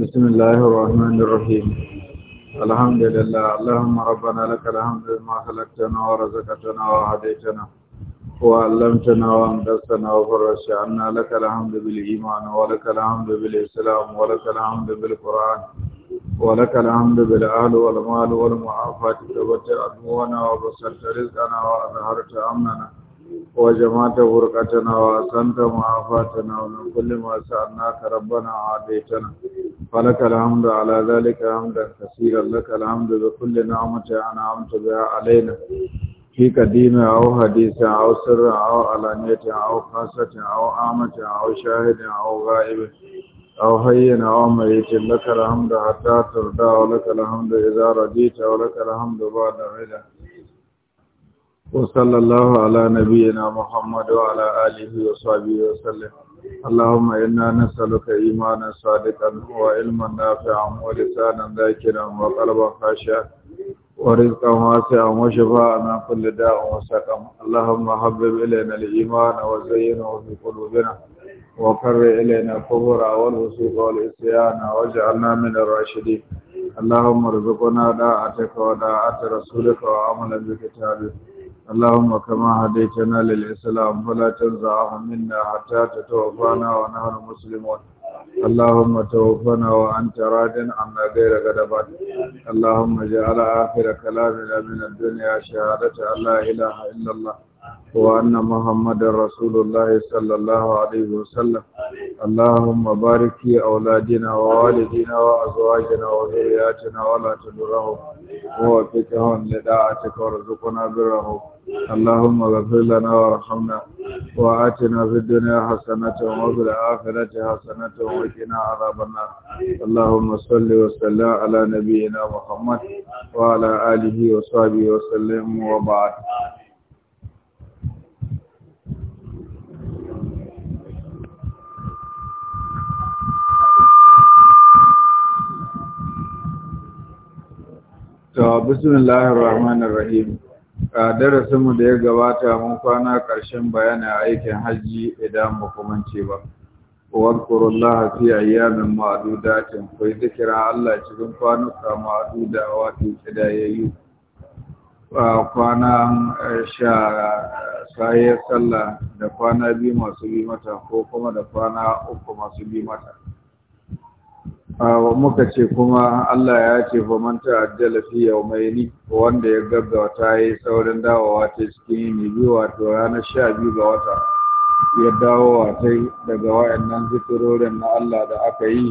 بسم الله الرحمن الرحيم الحمد لله اللهم ربنا لك الحمد لما خلقتنا ورزقتنا وهديتنا وعلمتنا وأنقذتنا وفرجت عنا لك الحمد بالإيمان ولك الحمد بالإسلام ولك الحمد بالقرآن ولك الحمد بالأهل والمال والمعافاة تبتع أدمونا وبسلت رزقنا وأظهرت أمننا وجمعت فرقتنا وأسنت معافاتنا ومن كل ما سألناك ربنا عاديتنا فلك الحمد على ذلك حمدا كثيرا لك الحمد بكل نعمة أنعمت بها علينا في قديم أو حديث أو سر أو علانية أو خاصة أو عامة أو شاهد أو غائب أو هين أو ميت لك الحمد حتى ترضى ولك الحمد إذا رضيت ولك الحمد بعد رضا وصلى الله على نبينا محمد وعلى آله وصحبه وسلم اللهم إنا نسألك إيمانا صادقا وعلما نافعا ولسانا ذاكرا وقلبا خاشعا ورزقا واسعا وشفاء من كل داء وسقم اللهم حبب إلينا الإيمان وزينه في قلوبنا وقر إلينا الكفر والوسوق والإسيان واجعلنا من الراشدين اللهم ارزقنا داعتك وداعة رسولك وعملا بكتابك اللهم كما هديتنا للإسلام فلا تنزعه منا حتى تتوفانا ونحن مسلمون اللهم توفنا وأنت راد عنا غير غضبان اللهم اجعل آخر كلامنا من الدنيا شهادة أن لا إله إلا الله وأن محمد رسول الله صلى الله عليه وسلم اللهم بارك في أولادنا ووالدينا وأزواجنا وذرياتنا ولا تدرهم ووفقهم لداعتك وارزقنا برهم اللهم اغفر لنا وارحمنا وآتنا في الدنيا حسنة وفي الآخرة حسنة وقنا عذاب النار اللهم صل وسلم على نبينا محمد وعلى آله وصحبه وسلم وبعد To, bismillahir rahmanir rahim. A mu da ya gabata mun kwana ƙarshen a aikin hajji idan ba ku ce ba. Wa qurullaha fi ayyamin ma'dudatin ku yi zikira Allah cikin kwanuka ma'duda wato kidayayyu. Kwana eh, sha sayar sallah da kwana biyu masu bi mata ko kuma da kwana uku masu bi mata. muka ce kuma Allah ya ce fa man ta'ajjala fi yawmayni wanda ya gaggauta yi saurin dawowa ta cikin yini biyu wato ranar sha biyu ga wata ya dawowa ta daga wayannan zikirorin na Allah da aka yi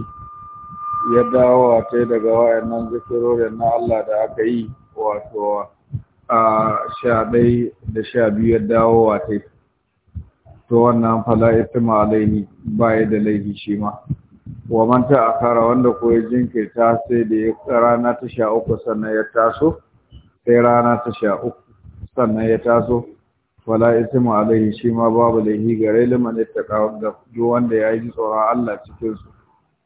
ya dawowa ta daga wayannan zikirorin na Allah da aka yi wato a sha ɗai da sha biyu ya dawowa ta to wannan fala itima alaini ba da laifi shi ma wa man akara wanda ko ya jinkirta sai da ya rana ta sha uku sannan ya taso sai rana ta sha uku sannan ya taso wala ismu alaihi shi ma babu hi gare liman ittaqa da duk wanda ya ji tsoron Allah cikin su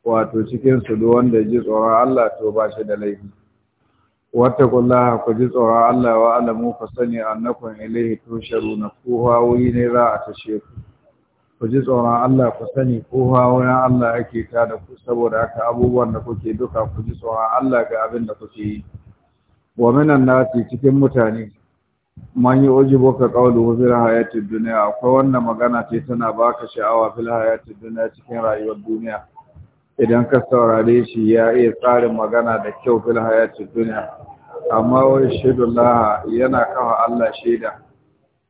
wato cikin su duk wanda ji tsoron Allah to ba shi da laifi wattaqullaha ku ji tsoron Allah wa alamu fa sani annakum ilaihi tusharuna kuwa wuri ne za a tashe ku ku ji tsoron Allah ku sani ko wurin Allah ake ta da ku saboda haka abubuwan da kuke duka ku ji tsoron Allah ga abin da kuke yi wa minan nasi cikin mutane man yi oji boka kawo fil hayati duniya. akwai wannan magana ce tana baka sha'awa fil hayati duniya cikin rayuwar duniya idan ka saurare shi ya iya tsarin magana da kyau fil hayati duniya. amma wa shaidullah yana kawo Allah shaida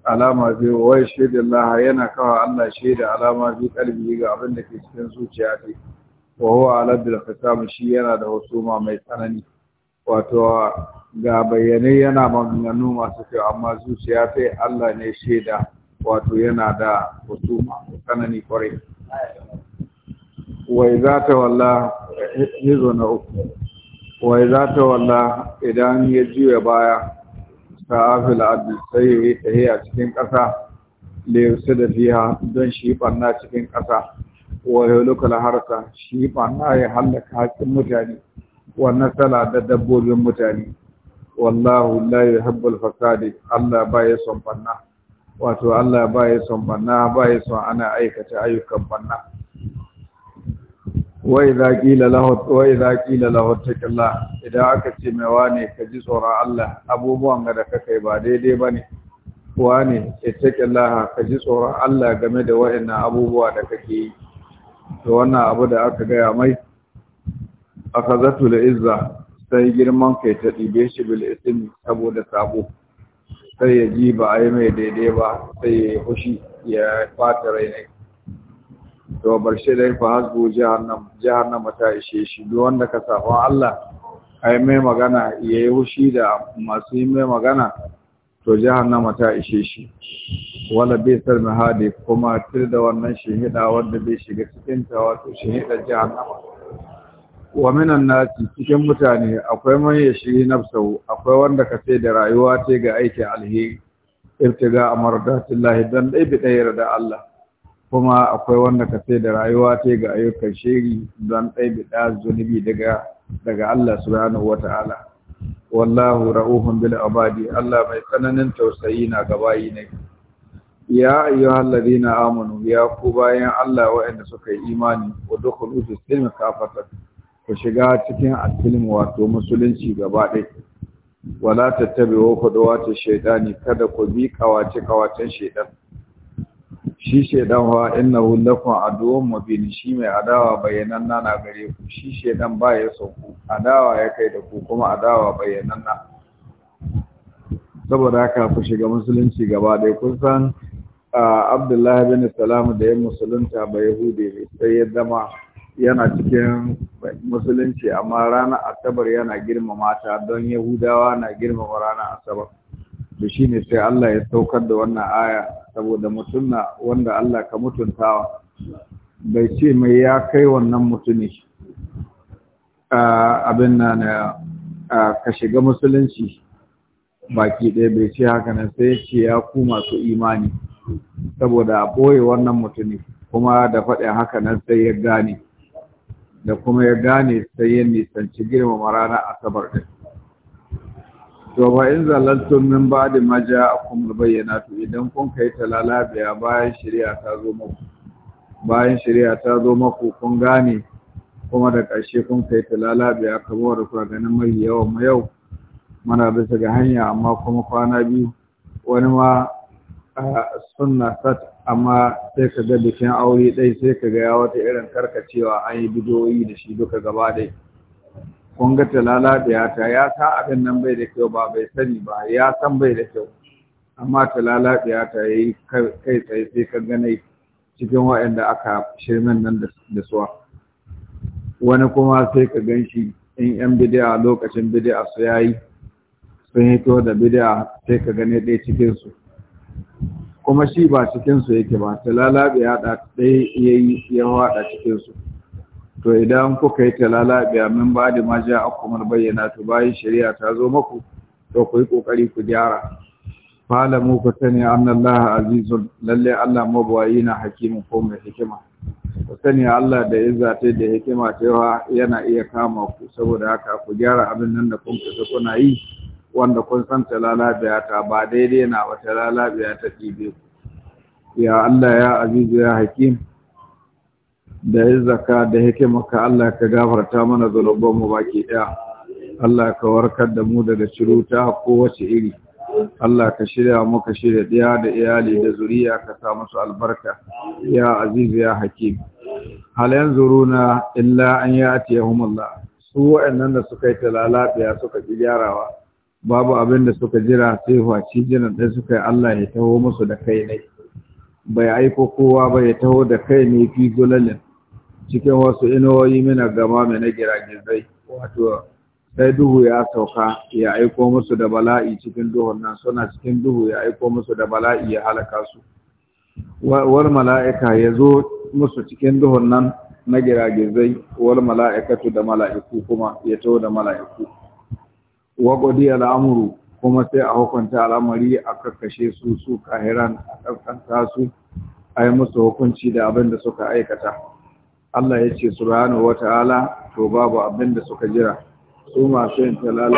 alama biyu wai shaidu Allah yana kawo Allah shaidu alama biyu kalbi ga abin da ke cikin zuciya ce wa huwa bil khisam shi yana da husuma mai tsanani wato ga bayyane yana maganganu masu kyau amma zuciya ta Allah ne shaida wato yana da husuma tsanani kwarai wai za ta walla hizo na uku wai za ta walla idan ya juya baya ta fil ardi sai yi a cikin ƙasa da yusu da fiya don shi ɓanna cikin ƙasa wa yulukul harka, shi ɓanna ya hallaka haƙin mutane wa nasala da dabbobin mutane wallahu la yuhibbul fasadi Allah ba ya son ɓanna wato Allah ba ya son ɓanna ba ya son ana aikata ayyukan banna. wai za ƙila lahottakilla idan aka ce mai wane ka ji tsoron Allah abubuwan ga da kakai ba daidai ba ne wane ittaƙillaha ka ji tsoron Allah game da wa'annan abubuwa da kake yi to wannan abu da aka gaya mai aka da izza sai girman kai ta ɗibe shi bil ismi saboda sabo sai ya ji ba a yi mai daidai ba sai ya yi hushi ya fata rainai to barshe da ya fa hasbu jahannam jahannama ta ishe shi duk wanda ka sabon Allah ai mai magana yayi wushi da masu yi mai magana to jahannama ta ishe shi wala bai sar mahadi kuma tir da wannan shehida wanda bai shiga cikin ta wato shehida jahannama wa minan nasi cikin mutane akwai man ya shiri nafsahu akwai wanda ka sai da rayuwa ce ga aikin alheri ibtiga amardatillahi dan dai bi da Allah kuma akwai wanda ka sai da rayuwa ce ga ayyukan shiri don da ɗa zunubi daga daga Allah subhanahu wa ta'ala wallahu ra'uhun bil abadi Allah mai tsananin tausayi na gabayi ne ya ayyuhal na amanu ya ku bayan Allah waɗanda suka yi imani wa dukhulu fi silmi kafatar ku shiga cikin asilmi wato musulunci gaba ɗai wala tattabi'u ta shaidani kada ku bi kawace kawacen shaidan. shi shaidan wa innahu lakum aduwwun mubin shi mai adawa bayanan na gare ku shi shaidan ba ya sauku adawa ya kai da ku kuma adawa bayanan na saboda haka ku shiga musulunci gaba ɗaya kun san abdullahi bin salam da ya musulunta ba yahudi sai ya zama yana cikin musulunci amma ranar asabar yana girmama ta don yahudawa na girmama ranar asabar da shi ne sai Allah ya saukar da wannan aya saboda mutum wanda Allah ka mutuntawa bai ce mai ya kai wannan mutumi abin na na, ka shiga musulunci baki ɗaya bai ce haka nan sai ya ce ya ku masu imani saboda a ɓoye wannan mutumi kuma da faɗin haka na sai ya gane da kuma ya gane sai ya nisanci girmama ranar asabar ɗin to ba in zalaltun min ba da maja akum bayyana to idan kun kai talala biya bayan shari'a ta zo muku bayan shari'a ta zo muku kun gane kuma da ƙarshe kun kai talala biya kamar da kuka ganin mai yawan mu yau muna bisa ga hanya amma kuma kwana biyu wani ma sunna sat amma sai ka ga bikin aure ɗai sai ka ga ya wata irin karkacewa an yi bidoyi da shi duka gaba ɗaya kun ga talala da ya ta ya sa abin nan bai da kyau ba bai sani ba ya san bai da kyau amma talala da ya ta yi kai tsaye sai ka gane cikin waɗanda aka shirmen nan da suwa wani kuma sai ka gan shi in yan bidiya lokacin bidiya su ya yi, sun hito da bidiya sai ka gane ɗaya cikinsu. kuma shi ba cikinsu yake ba talala da ya ɗaya yayi ya haɗa cikin to idan kuka yi talala biya min ba da ma ja akumar bayyana ta bayan shari'a ta zo maku to ku yi kokari ku gyara fala mu ku sani annallaha azizun lalle Allah mabawayi na hakimin ko mai hikima ku sani Allah da izza ta da hikima ta yawa yana iya kama ku saboda haka ku gyara abin nan da kun kasa kuna yi wanda kun san talala biya ta ba daidai na ba talala biya ta ɗibe ku ya Allah ya azizu ya hakim da ya zaka da ka Allah ka gafarta mana mu baki ɗaya Allah ka warkar da mu daga ciruta kowace iri Allah ka shirya muka shirya ɗaya da iyali da zuriya ka sa musu albarka ya azizu ya hakim halayen zuruna illa an ya ati su waɗannan da suka yi talalafiya suka ki gyarawa babu abin da suka jira sai faci jinan ɗaya suka yi Allah ya taho musu da kai ne bai aiko kowa ba ya taho da kai ne fi zulalin cikin wasu inuwoyi mina gama mai na giragizai wato sai duhu ya sauka ya aiko musu da bala'i cikin duhun nan suna cikin duhu ya aiko musu da bala'i ya halaka su war mala'ika ya zo musu cikin duhun nan na giragizai wal mala'ikatu da mala'iku kuma ya to da mala'iku wa qudi kuma sai a hukunta al'amari a karkashe su su kahiran a kakkanta su ai musu hukunci da abin da suka aikata Allah ya ce subhanahu wata'ala to babu abin da suka jira su masu yin talala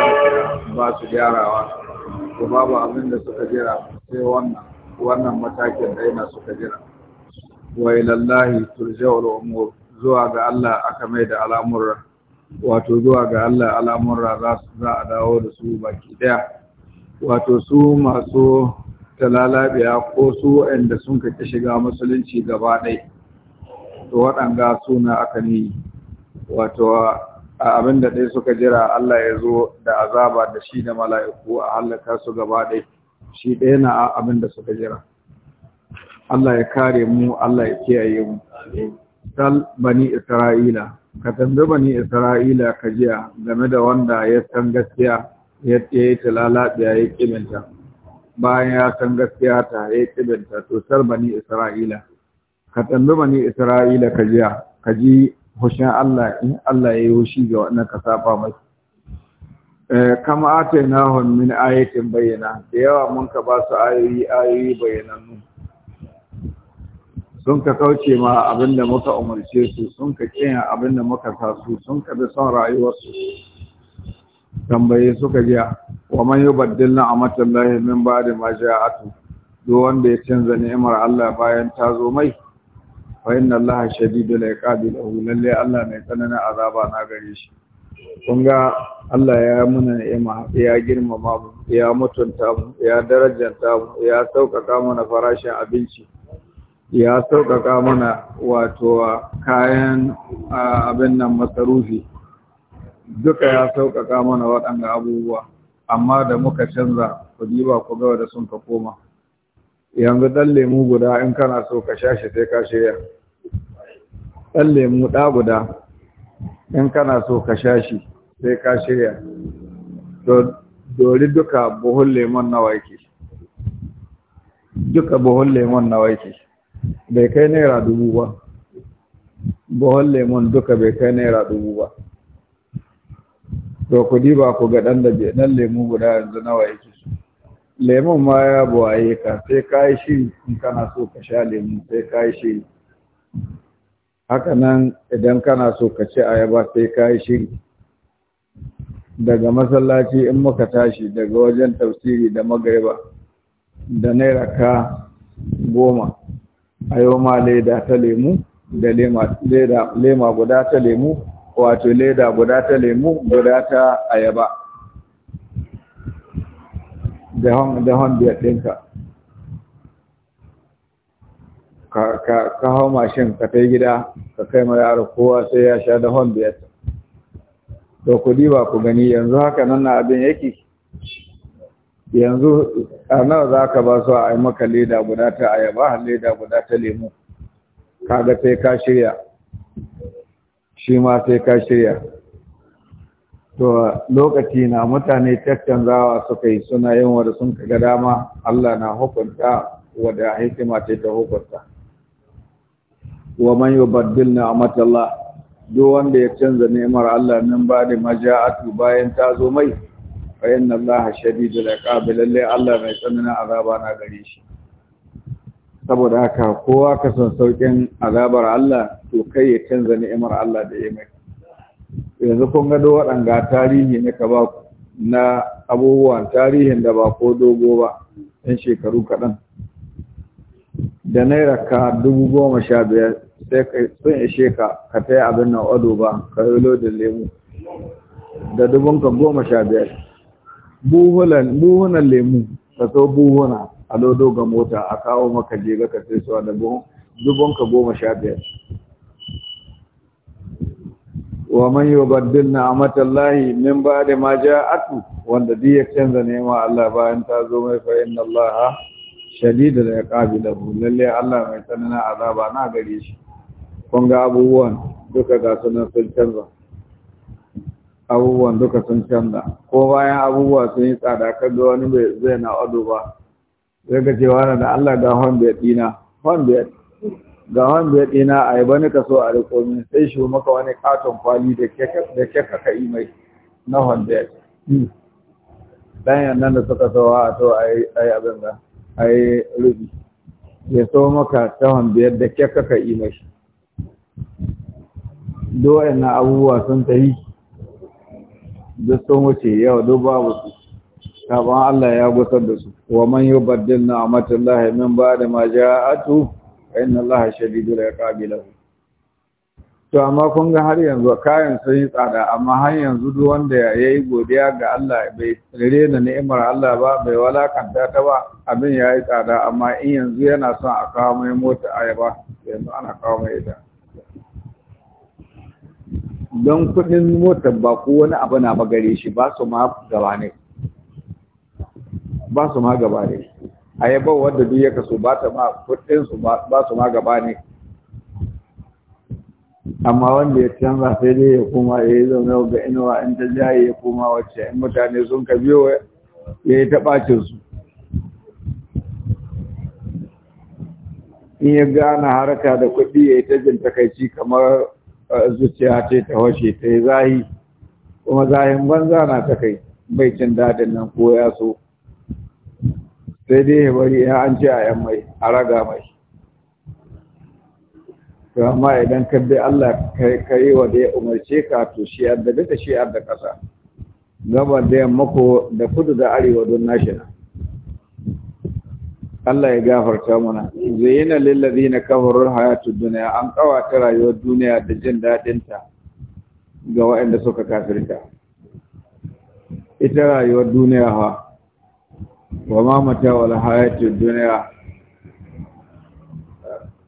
ba su gyarawa to babu abin da suka jira sai wannan wannan matakin daina suka jira wa ilallahi turja'ul umur zuwa ga Allah aka mai da al'amurra wato zuwa ga Allah al'amurra za a dawo da su baki daya wato su masu talalabiya ko su waɗanda sun kake shiga musulunci gaba ɗaya to waɗanga suna aka ne wato abin da ɗaya suka jira Allah ya zo da azaba da shi da mala'iku a hallaka su gaba ɗai shi ɗaya na abin da suka jira Allah ya kare mu Allah ya kiyaye mu sal bani isra'ila ka tambi bani isra'ila ka jiya game da wanda ya san gaskiya ya yi ta lalabiya ya ƙibinta bayan ya san gaskiya ta ya ƙibinta to sal bani isra'ila ka tambi bani isra'ila ka jiya. ka ji hushin Allah in Allah ya yi hushi ga wannan ka saba mai eh, kama hon min ayatin bayyana da yawa mun ka ba su ayoyi ayoyi bayyanannu sun ka kauce ma abin da muka umarce su sun ka kiyan da muka sa su sun ka bi son rayuwarsu tambaye suka jiya wa man yubaddil ni'matallahi min ba'di ma ja'atu duk wanda ya canza ni'imar Allah bayan ta zo mai fa inna allaha shadidul iqabi lahu lalle allah mai tsananin azaba na gare shi kun ga allah ya muna ni'ima ya girmama mu ya mutunta mu ya darajanta mu ya sauƙaƙa mana farashin abinci ya sauƙaƙa mana wato kayan abin nan masarufi duka ya sauƙaƙa mana waɗanda abubuwa amma da muka canza kuɗi ba ku gawa da sun ka koma yanzu ɗan lemu guda in kana so ka sha shi sai ka shirya ɗan lemu ɗa guda in kana so ka sha shi sai ka shirya dori duka buhun lemon na waike, duka buhun lemon na waike. bai kai naira dubu ba buhun lemon duka bai kai naira dubu ba to ku ba ku ga ɗan da ɗan lemu guda yanzu nawa yake lemun ma ya buwaye ka sai ka yi shi in kana so ka sha lemu sai ka yi shi haka nan idan kana so ka ci ayaba sai ka yi shiri daga masallaci in muka tashi daga wajen tafsiri da magariba da naira ka goma a yau ma leda ta lemu da lema guda ta lemu wato leda guda ta lemu guda ta ayaba da hon biyar ɗinka ka hau mashin ka kai gida ka kai ma yaro kowa sai ya sha da hon biyar to ku diba ku gani yanzu haka nan na abin yake yanzu a nawa za ka ba su a maka leda guda ta ayaba leda guda ta lemu ga sai ka shirya shi ma sai ka shirya to lokaci na mutane tattanzawa suka yi suna yin wadda sun ga dama Allah na hukunta wadda hikima ce ta hukunta wa man yubaddil Allah duk wanda ya canza ni'mar Allah nan ba da maja'atu bayan ta zo mai fa inna Allah shadidul iqab lalle Allah mai tsananin azaba na gare shi saboda haka kowa ka san saukin azabar Allah to kai ya canza ni'mar Allah da ya mai yanzu kun ga waɗanga tarihi ne ka ba na abubuwan tarihin da ba ko dogo ba ɗan shekaru kaɗan da naira ka dubu goma sha biyar sai sun ishe ka ka ta abin nan odo ba ka yi lodin lemu da dubunka goma sha biyar buhunan lemu ka so buhuna a lodo ga mota a kawo maka jega ka sai suwa da dubunka goma sha biyar wa man amatan lahi min da ma ja'atu wanda duk ya canza nema Allah bayan ta zo mai fa inna Allah ya iqabi da lalle Allah mai tsananin azaba na gare shi kun ga abubuwan duka ga sunan sun canza abubuwan duka sun canza ko bayan abubuwa sun yi tsada ga wani bai zai na ado ba zai ga cewa na da Allah ga hon bai dina hon bai ga hon bai dina a yi bani kaso a riko min sai shi maka wani katon kwali da ke ka kai mai na hon bai dan nan da suka so a to a yi abin da a yi rubi ya so maka ta hon bai da ke ka kai mai do'in na abubuwa sun tafi da sun wuce yau duk babu su sabon Allah ya gusar da su wa man yubaddil ni'matallahi min ba'da ma ja'atu inna Allah shadidul iqabi lahu to amma kun ga har yanzu kayan sun yi tsada amma har yanzu duk wanda ya yi godiya ga Allah bai rere na ni'imar Allah ba bai walakanta ta ba abin ya yi tsada amma in yanzu yana son a kawo mai mota ayaba yanzu ana kawo mai ita don kuɗin motar ba ko wani abu na bagare shi ba su ma gaba ne ba su ma gaba ne a yaba wanda duk ya kaso ba ta ma kudin su ba su ma gaba ne amma wanda ya canza sai dai ya koma ya yi zaune ga inuwa in ta jaye ya koma wacce in mutane sun ka biyo ya yi ta ɓacin su in ya gana haraka da kuɗi ya yi ta jin takaici kamar zuciya ce ta washe ta yi zahi kuma zahin banza na ta kai bai cin dadin nan ko ya so sai dai ya bari ya an ce a yan mai a raga mai to amma idan ka bi Allah ka yi wa da ya umarce ka to shi addabi da shi adda ƙasa gabar da yamma ko da kudu da arewa don nashina Allah ya gafarta mana zayyana lil ladina kafaru hayatu dunya an ta rayuwar duniya da jin dadin ta ga waɗanda suka kafirta ita rayuwar duniya ha wa ma mata wal hayatu dunya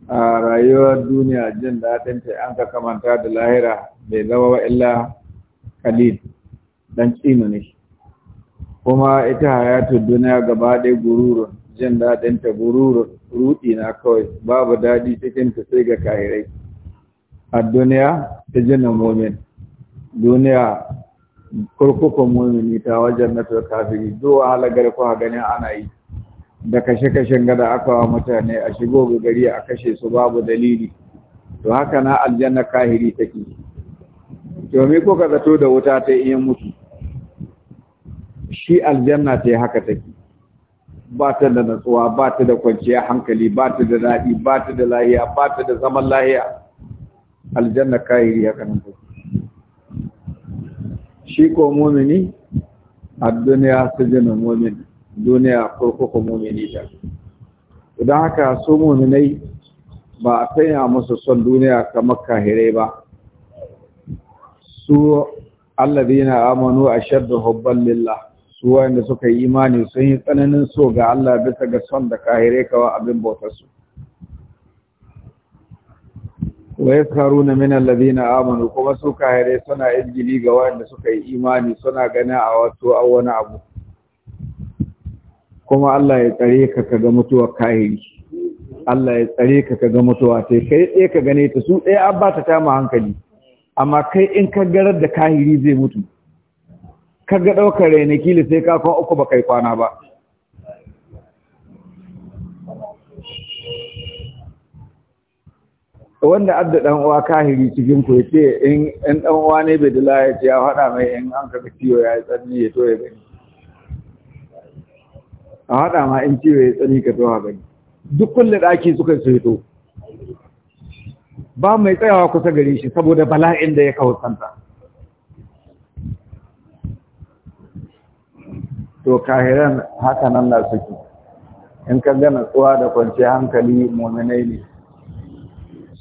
a rayuwar duniya jin dadin ta an ka kamanta da lahira bai zama illa qalil dan tsinu ne kuma ita hayatu dunya gaba ɗaya gururu jin daɗin ta ruɗi na kawai babu daɗi cikin ta sai ga kahirai a duniya ta jinin mumin duniya kurkukun mumini ta wajen na kafiri duk wahala garko ganin ana yi da kashe-kashen gada aka wa mutane a shigo ga gari a kashe su babu dalili to haka na aljanna kahiri take to me ko ka zato da wuta ta iya mutu shi aljanna ta haka take ba ta da natsuwa ba ta da kwanciyar hankali ba ta da daɗi ba ta da lahiya ba ta da zaman lahiya aljanna kayiri ya kanin shi ko mumini a duniya su jina mumini duniya kurkuku mumini ta idan haka su muminai ba a sanya musu son duniya kamar kahirai ba su allazina amanu ashaddu hubban lillah su wanda suka yi imani sun yi tsananin so ga Allah bisa ga son da kahire kawa abin bautarsu wa na min alladhina amanu kuma su kahire suna injili ga wanda suka yi imani suna gane a wato wani abu kuma Allah ya tsare ka kaga mutuwar kahiri Allah ya tsare ka kaga mutuwa sai kai tsaye ka gane ta su ɗaya abba ta tama hankali amma kai in ka garar da kahiri zai mutu kaga ɗaukar da sai ka uku ba kai kwana ba wanda adda dan uwa kahiri cikin ku yace in in dan uwa ne bai dala ya ya hada mai in an kaga ciwo ya yi tsanni ya to ya gani a haɗa ma in ciwo ya tsanni ka to gani duk kullu daki suka so to ba mai tsayawa kusa gare shi saboda bala'in da ya kawo santa to kahiran haka nan na suke in ka ga natsuwa da kwanciyar hankali mominai ne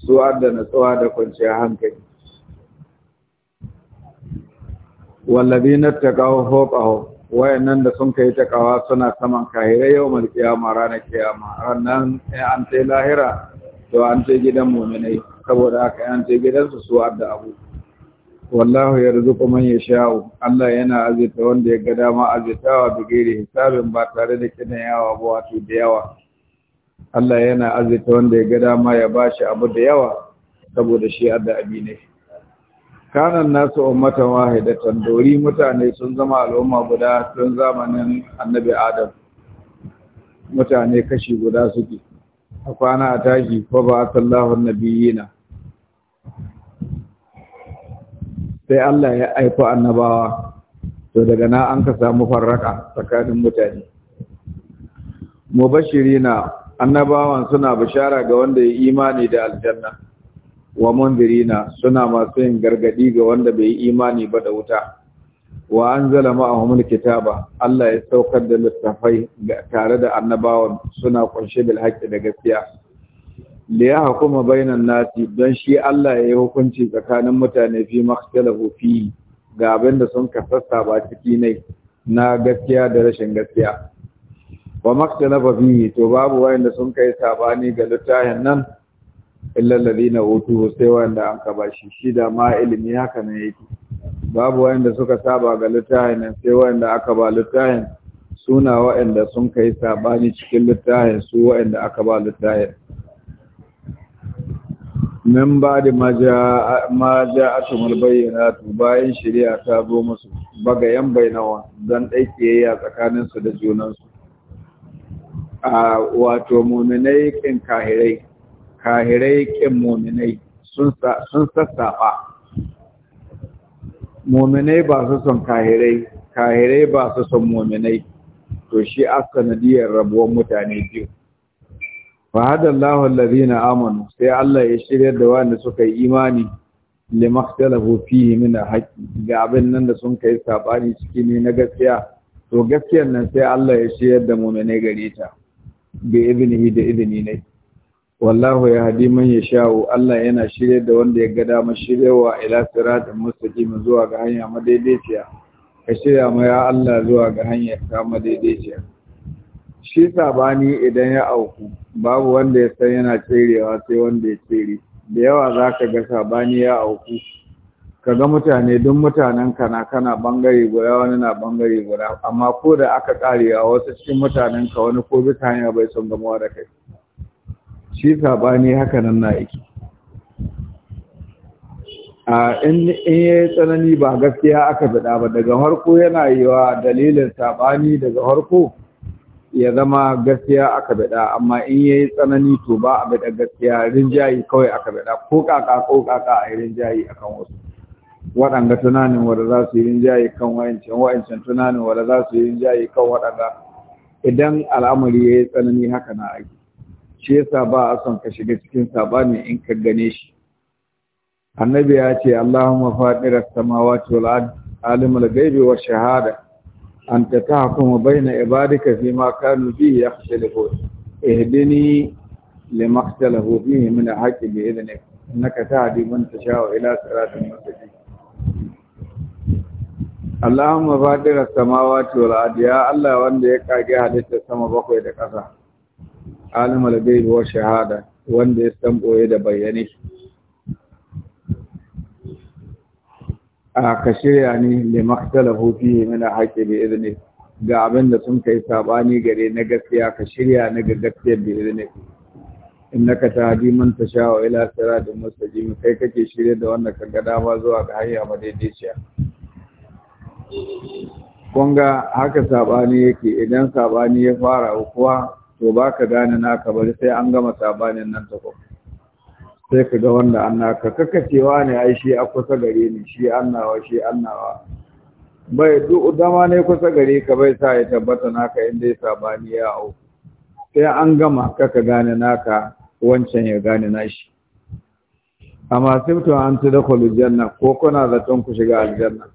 su da natsuwa da kwanciyar hankali wallabi na takawa hokaho wayannan da sun kai takawa suna saman kahirai yau mal kiyama ranar kiyama ranar an ce lahira to an ce gidan mominai, saboda haka an ce gidansu su da abubuwa wallahu yarzuqu man yasha'u Allah yana azita wanda ya ga dama azitawa bi gairi hisabin ba tare da kidan yawa ba wato da yawa Allah yana azita wanda ya ga dama ya bashi abu da yawa saboda shi adda abi ne nasu ummatan wahidatan dori mutane sun zama al'umma guda tun zamanin annabi adam mutane kashi guda suke a kwana a tashi ko ba sallahu nabiyina sai Allah ya aiko annabawa to daga na an ka samu farraka tsakanin mutane mubashirina annabawan suna bishara ga wanda ya imani da aljanna wa mundirina suna masu yin gargadi ga wanda bai imani ba da wuta wa anzala ma'ahum kitaba Allah ya saukar da littafai tare da annabawan suna kunshe bil haqqi da gaskiya liya hukuma bainan nasi don shi Allah ya yi hukunci tsakanin mutane fi makhtalafu fi ga abin da sun kasasta ba ciki ne na gaskiya da rashin gaskiya wa makhtalafa fi to babu wanda sun kai sabani ga littafin nan illa ladina utu sai wanda an ka bashi shi da ma ilimi haka ne yake babu wanda suka saba ga littafin nan sai wanda aka ba littafin suna waɗanda sun kai sabani cikin littafin su waɗanda aka ba littafin min ba da ma ja a bayyana to bayan shari'a ta zo musu bagayen bainawa don ɗaikiyayya tsakaninsu da junansu a wato muminai ƙin kahirai kahirai ƙin muminai sun sassafa muminai ba su son kahirai kahirai ba su son muminai to shi a rabuwar mutane biyu fa hadallahu na amanu sai Allah ya shirya da wanda suka yi imani limaktalafu fihi min haƙi ga abin nan da sun kai saɓani ciki ne na gaskiya to gaskiyar nan sai Allah ya shirya da mu'mine gare ta bi izini da izini ne wallahu ya hadi man ya sha'u Allah yana shirya da wanda ya ga dama shiryawa ila siratin mustaqim zuwa ga hanya madaidaiciya ka shirya ma ya Allah zuwa ga hanya ta madaidaiciya shi sabani idan ya auku babu wanda ya san yana tserewa sai wanda ya tsere da yawa za ka ga sabani ya auku ka ga mutane duk mutanen kana kana bangare guda wani na bangare guda amma ko da aka karewa wasu cikin mutanen ka wani ko bisa hanya bai son gamawa da kai shi sabani haka nan na yake a in ya tsanani ba gaskiya aka fiɗa ba daga harko yana yiwa dalilin sabani daga harko ya zama gaskiya aka bada amma in yayi tsanani to ba a bada gaskiya rinjayi kawai aka bada ko kaka ko kaka a rinjayi akan wasu waɗanga tunanin wanda za su yi rinjayi kan wa'ancan-wa'ancan tunanin wanda za su yi rinjayi kan waɗanga idan al'amari yayi tsanani haka na aiki shi yasa ba a son ka shiga cikin sabani in ka gane shi annabi ya ce Allahumma fadiras samawati wal ard alimul ghaibi wash shahada an ta tahkuma baina ibadika fi ma kanu bi yakhtalifun ihdini lima ikhtalafu fihi min al-haqqi bi idhnika innaka tahdi man tasha'u ila siratin mustaqim Allahumma badira samawati wal ardi ya Allah wanda ya kage halitta sama bakwai da ƙasa alimul ghaib wa shahada wanda ya san ɓoye da bayyane ka shirya ni li maktalahu fihi mana haƙe da idni ga abin da sun kai sabani gare na gaskiya ka shirya ni ga gaskiyar na idni innaka tahdi man wa ila Sira siratin mu kai kake shirya da wanda ka ga dama zuwa ga hanya ba ciya kun ga haka sabani yake idan sabani ya fara ukuwa to ba ka gane naka bari sai an gama sabanin nan ta kuma sai ka ga wanda an naka kakacewa ne ai shi a kusa gare ni shi annawa shi annawa bai duk dama ne kusa gare ka bai sa ya tabbata naka inda ya sabani ya au sai an gama kaka gane naka wancan ya gane nashi amma sibtu an da janna ko kuna zaton ku shiga aljanna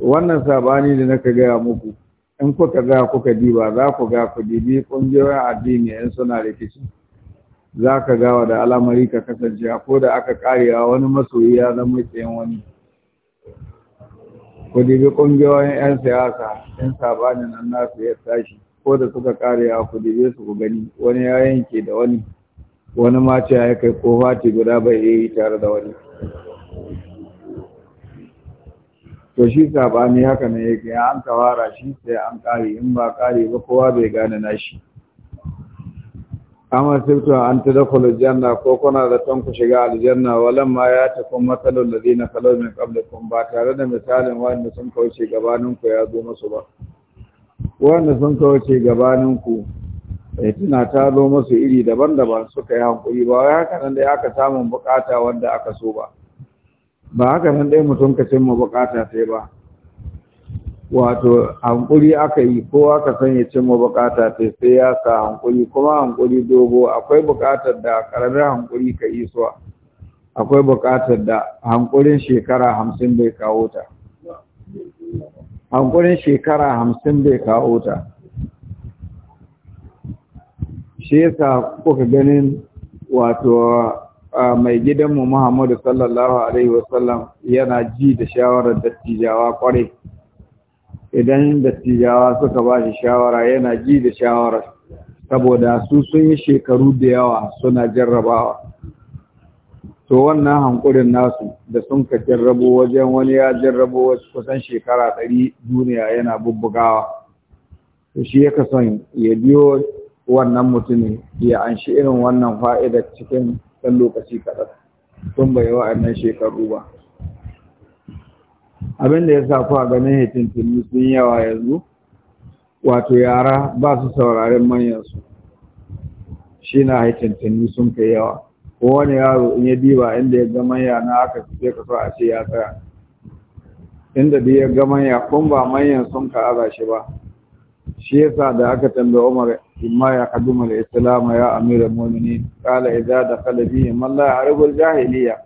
wannan sabani da naka gaya muku in kuka ga kuka diba za ku ga ku dibi kungiyoyin addini yan suna rikici za ka gawa da alamari ka kasance ko da aka karewa wani masoyi ya zama tsayen wani ku dibi ƙungiyoyin 'yan siyasa 'yan sabanin nan nasu ya tashi ko da suka karewa ku dibe su ku gani wani ya yanke da wani wani ma ya kai ko fati guda bai iya yi tare da wani to shi sabani haka ne yake an tawara shi sai an kare in ba kare ba kowa bai gane nashi amma to an ta kullu janna ko kuna da ton ku shiga aljanna walan ma ya ta kun matsalar da zina min qablikum ba tare da misalin wanda sun kauce gabaninku ya zo masu ba wanda sun kauce gabaninku ya tuna ta zo musu iri daban-daban suka yi hankuri ba wai haka nan dai aka samun bukata wanda aka so ba ba haka nan dai mutum ka mu bukata sai ba wato hankuri aka yi kowa ka sanya cin cimma bukata sai sai ya sa hankuri kuma hankuri dogo akwai bukatar da karamin hankuri ka yi suwa akwai bukatar da hankurin shekara hamsin bai kawo ta hankurin shekara hamsin bai kawo ta shi yasa kuka ganin wato mai gidanmu Muhammadu sallallahu Alaihi wasallam yana ji da shawarar dattijawa kwarai idan dattijawa suka ba shi shawara yana ji da shawara saboda su sun yi shekaru da yawa suna jarrabawa to wannan hankurin nasu da sun ka jarrabo wajen wani ya jarrabo wasu kusan shekara ɗari duniya yana bubbugawa to shi yaka son ya biyo wannan mutumin ya anshi irin wannan fa'idar cikin ɗan lokaci kaɗan tun bai wa'annan shekaru ba abin da ya sa a ganin hitintinu sun yawa yanzu wato yara ba su sauraren manyansu shi na hitintinu sun kai yawa wani yaro in ya diba inda ya gama yana aka fiye ka so a ce ya tsaya inda bi ya gama ya kun ba manyan sun ka aza shi ba shi yasa da aka tambayi Umar imma ya kaduma da islam ya amira mu'minin qala idza dakhala bihi man la jahiliya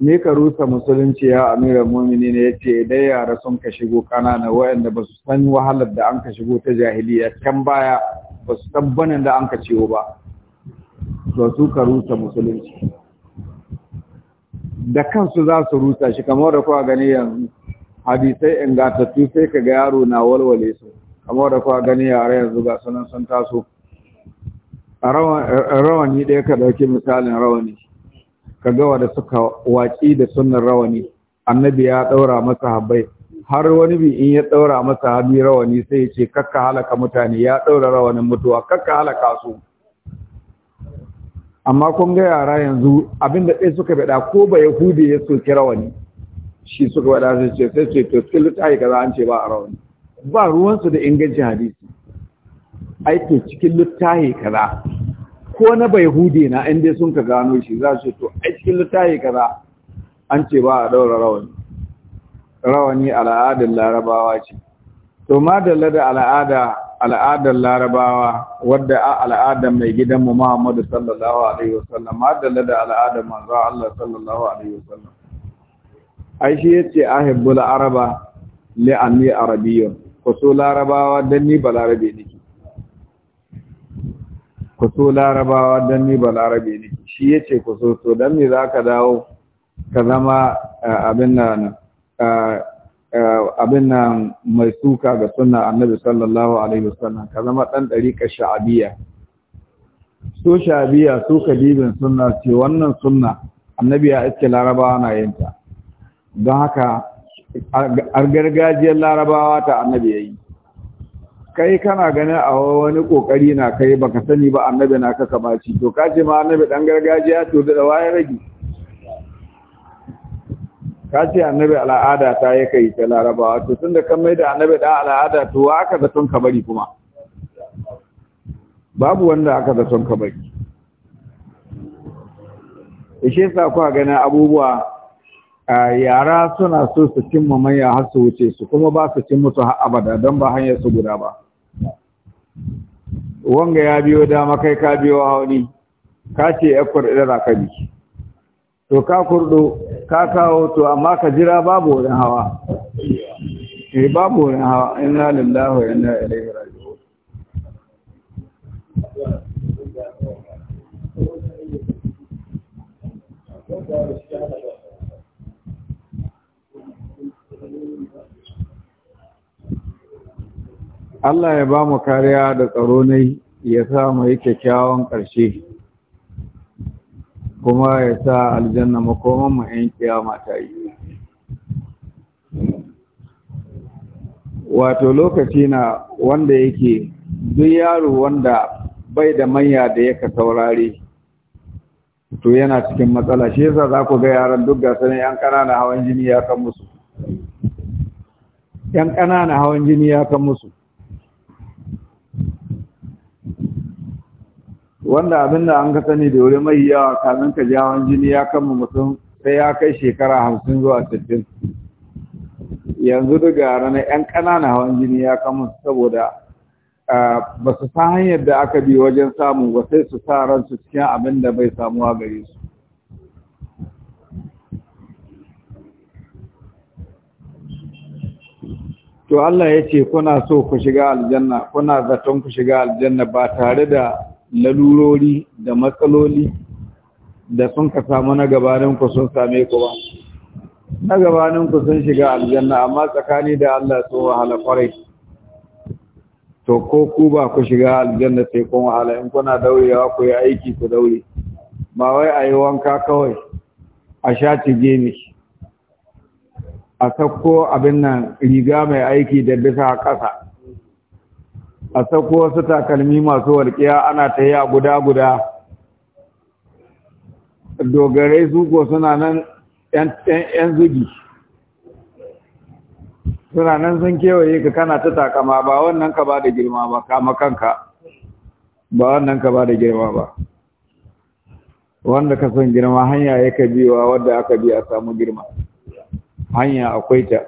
ni ka rusa musulunci ya amira mumini ne ya ce dai yara sun ka shigo ƙanana waɗanda ba su san wahalar da an ka shigo ta jahiliya can baya ba su san banin da an ka ciwo ba to su ka rusa musulunci da kansu za su rusa shi kamar da kuwa gani yanzu hadisai ingantattu sai ka ga yaro na walwale su kamar da kuwa gani yare yanzu ga sunan sun taso rawani ɗaya ka ɗauki misalin rawani ka gawa da suka waƙi da sunan rawani annabi ya ɗaura masa habbai har wani bi in ya ɗaura masa habi rawani sai ya ce kakka halaka mutane ya ɗaura rawanin mutuwa kakka halaka su amma kun ga yara yanzu abinda ɗaya suka faɗa ko ba yahudi ya soki rawani shi suka faɗa sai ce sai ce to cikin littafi kaza an ce ba a rawani ba ruwansu da ingancin hadisi ai to cikin littafi kaza ko na bai hude na in dai sun ka gano shi za su to a cikin littafi kaza an ce ba a daura rawani rawani al'adar larabawa ce to ma da al'ada al'adar larabawa wadda a al'adar mai gidanmu Muhammadu sallallahu alaihi wasallam ma da al'adar manzo Allah sallallahu alaihi wasallam ai shi yace ahibbul araba li anni arabiyyun ko so larabawa dan ni balarabe ne Kuso larabawa don ni ba larabe ne shi ya ce ku so to don ni za ka dawo ka zama abin nan abin mai suka ga suna annabi sallallahu alaihi wasallam ka zama dan ka sha'abiya. so sha'abiya so kadibin suna ce wannan suna annabi ya iske larabawa na yin ta don haka a gargajiyar larabawa ta annabi ya yi. kai kana ganin a wani kokari na kai baka sani ba annabi na kaka baci to ka ce ma annabi dan gargajiya to da waye rage ka ce annabi al'ada ta yi kai ta larabawa to tun da kan mai da annabi da al'ada to wa aka ka kabari kuma babu wanda aka da ka kabari ishe sa kuwa ganin abubuwa yara suna so su cimma manya har su wuce su kuma ba su cin musu har abada don ba hanyar su guda ba wanga ya biyo dama kai ka biyo hauni ka ce ya kurɗa za ka bi to ka kurɗo ka kawo to amma ka jira babu wani hawa eh babu wani hawa inna lillahi wa inna ilaihi Allah ya ba mu kariya da tsaro ne ya sa mu yi kyakkyawan ƙarshe kuma ya sa aljanna makoman mu yan kiyama ta yi wato lokaci na wanda yake duk yaro wanda bai da manya da yaka saurari. to yana cikin matsala shi yasa za ku ga yaran duk gasa ne yan ƙanana hawan jini ya hawan jini ya kan musu wanda abin da an ka sani da wuri mai yawa kamin ka jawon jini ya kama mutum sai ya kai shekara hamsin zuwa sittin yanzu daga ranar yan ƙananan hawan jini ya kama saboda ba su sa hanyar da aka bi wajen samu ba sai su sa ransu cikin abin da bai samuwa gare su to Allah ya ce kuna so ku shiga aljanna kuna zaton ku shiga aljanna ba tare da lalurori da matsaloli da sun ka samu na gabaninku sun same ku ba na gabaninku sun shiga aljanna amma tsakani da Allah sun wahala kwarai to ko ku ba ku shiga aljanna sai kun wahala in kuna daurewa ku yi aiki ku daure ba wai a yi wanka kawai a sha ne a sauko abin nan riga mai aiki da bisa ƙasa a sako wasu takalmi masu walƙiya ana ta yi a guda-guda dogarai zuko suna nan 'yan zugi suna nan sun kewaye ka kana ta takama ba wannan ka ba da girma ba kama kanka ba wannan ka ba da girma ba wanda ka son girma hanya ya ka biwa wadda aka bi a samu girma hanya akwai ta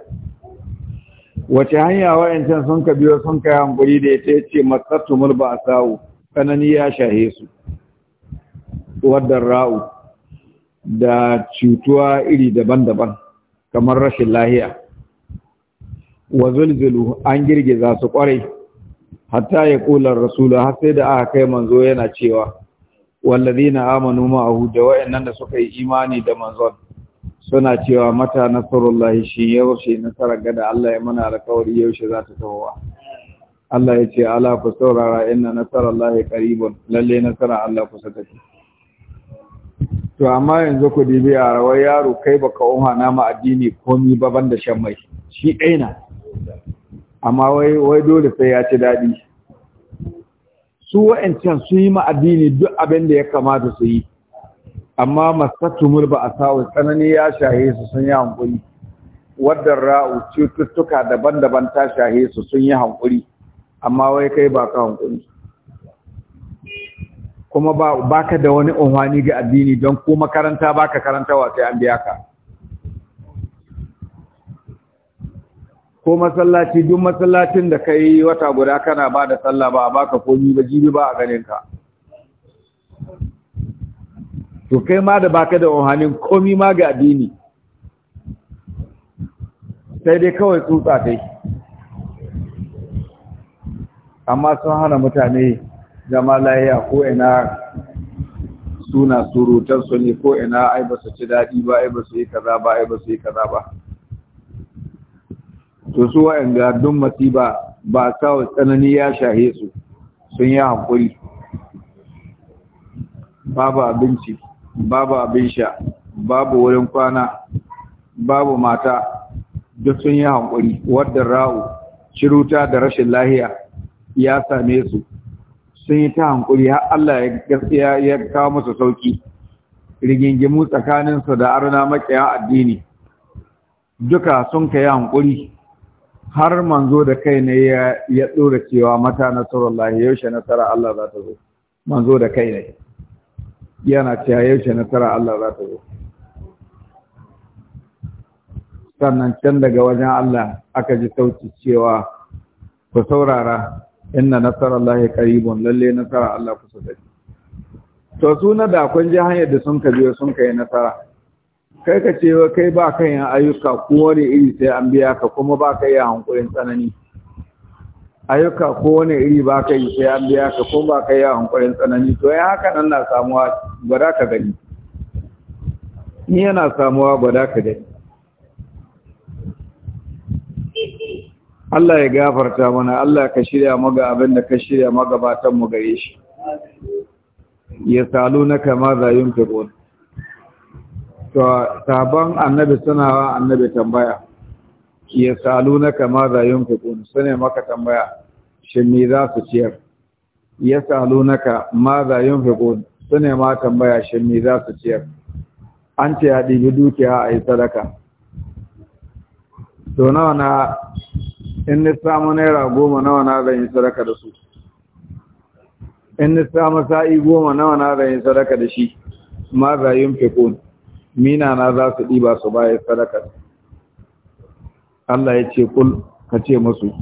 wace hanya wa'ancan sun ka biyo sun kai hankuri da ita matsattu mulba a sawu tsanani ya shahe su wadda ra'u da cutuwa iri daban-daban kamar rashin lahiya wa zulzulu an girgiza su kwarai hatta ya kula rasulu har sai da aka kai manzo yana cewa wallazina amanu ma'ahu da wa'annan da suka yi imani da manzon suna cewa mata nasarullahi shi yaushe nasarar gada Allah ya mana alkawari yaushe za ta tahowa Allah ya ce ala ku saurara inna nasarallahi qaribun lalle nasara Allah kusa take to amma yanzu ku dibi a rawar yaro kai baka umma na ma addini komi ba banda shan mai shi ɗaina amma wai dole sai ya ci daɗi su wa'ancan su yi ma addini duk abin da ya kamata su yi amma masu ba a sa'u tsanani ya shahe su sun yi hankuri wadda ra'u cututtuka daban-daban ta shahe su sun yi hankuri amma wai kai ba ka hankuri kuma ba ka da wani unhwani ga addini don ko makaranta ba ka karanta sai an biya ka ko masallaci duk masallacin da ka yi wata guda kana ba da sallah ba a baka komi ba jibi ba a ganin ka to kai ma da baka da ohanin komi ma ga addini sai dai kawai tsutsa kai amma sun hana mutane zama layiya ko ina suna su ne ko ina ai ba su ci daɗi ba ai ba su yi kaza ba ai ba su yi kaza ba to su dun masiba ba kawai tsanani ya shahe su sun yi hankuri babu abinci babu abin sha babu wurin kwana babu mata duk sun yi hankuri wadda ra'u shiruta da rashin lahiya ya same su sun yi ta hankuri har Allah ya ya kawo musu sauki rigingimu tsakanin tsakaninsu da arna makiya addini duka sun kai hankuri har manzo da kai ne ya ya dora cewa mata lahiya yaushe nasara Allah za ta zo manzo da kai ne yana cewa yaushe nasara Allah za ta zo sannan can daga wajen Allah aka ji sauki cewa ku saurara inna nasarallahi qaribun lalle nasara Allah kusa da to su na da kun ji hanyar da sun ka biyo sun kai nasara kai ka ce kai ba kan yin ayyuka ko wani iri sai an biya ka kuma ba ka yi hankulin tsanani ayyuka ko wani iri ba ka yi sai an biya ka ko ba ka yi a hankulin tsanani to ya haka nan na samuwa gwada ka gani ni yana samuwa gwada ka gani Allah ya gafarta mana Allah ka shirya maga abin da ka shirya batan mu gare shi ya salu na kama za yin firon to sabon annabi suna annabi tambaya ya salu na kama za yin firon su ne maka tambaya shin me za su ciyar ya naka ma za su ne ma tambaya shin me za su ciyar an ce ya ɗibi dukiya a yi sadaka to nawa na in ni samu naira goma nawa na zan yi sadaka da su in ni samu sa'i goma nawa na zan yi sadaka da shi ma za yunfiqun mina na za su ɗiba su baya sadaka Allah ya ce kul ka ce musu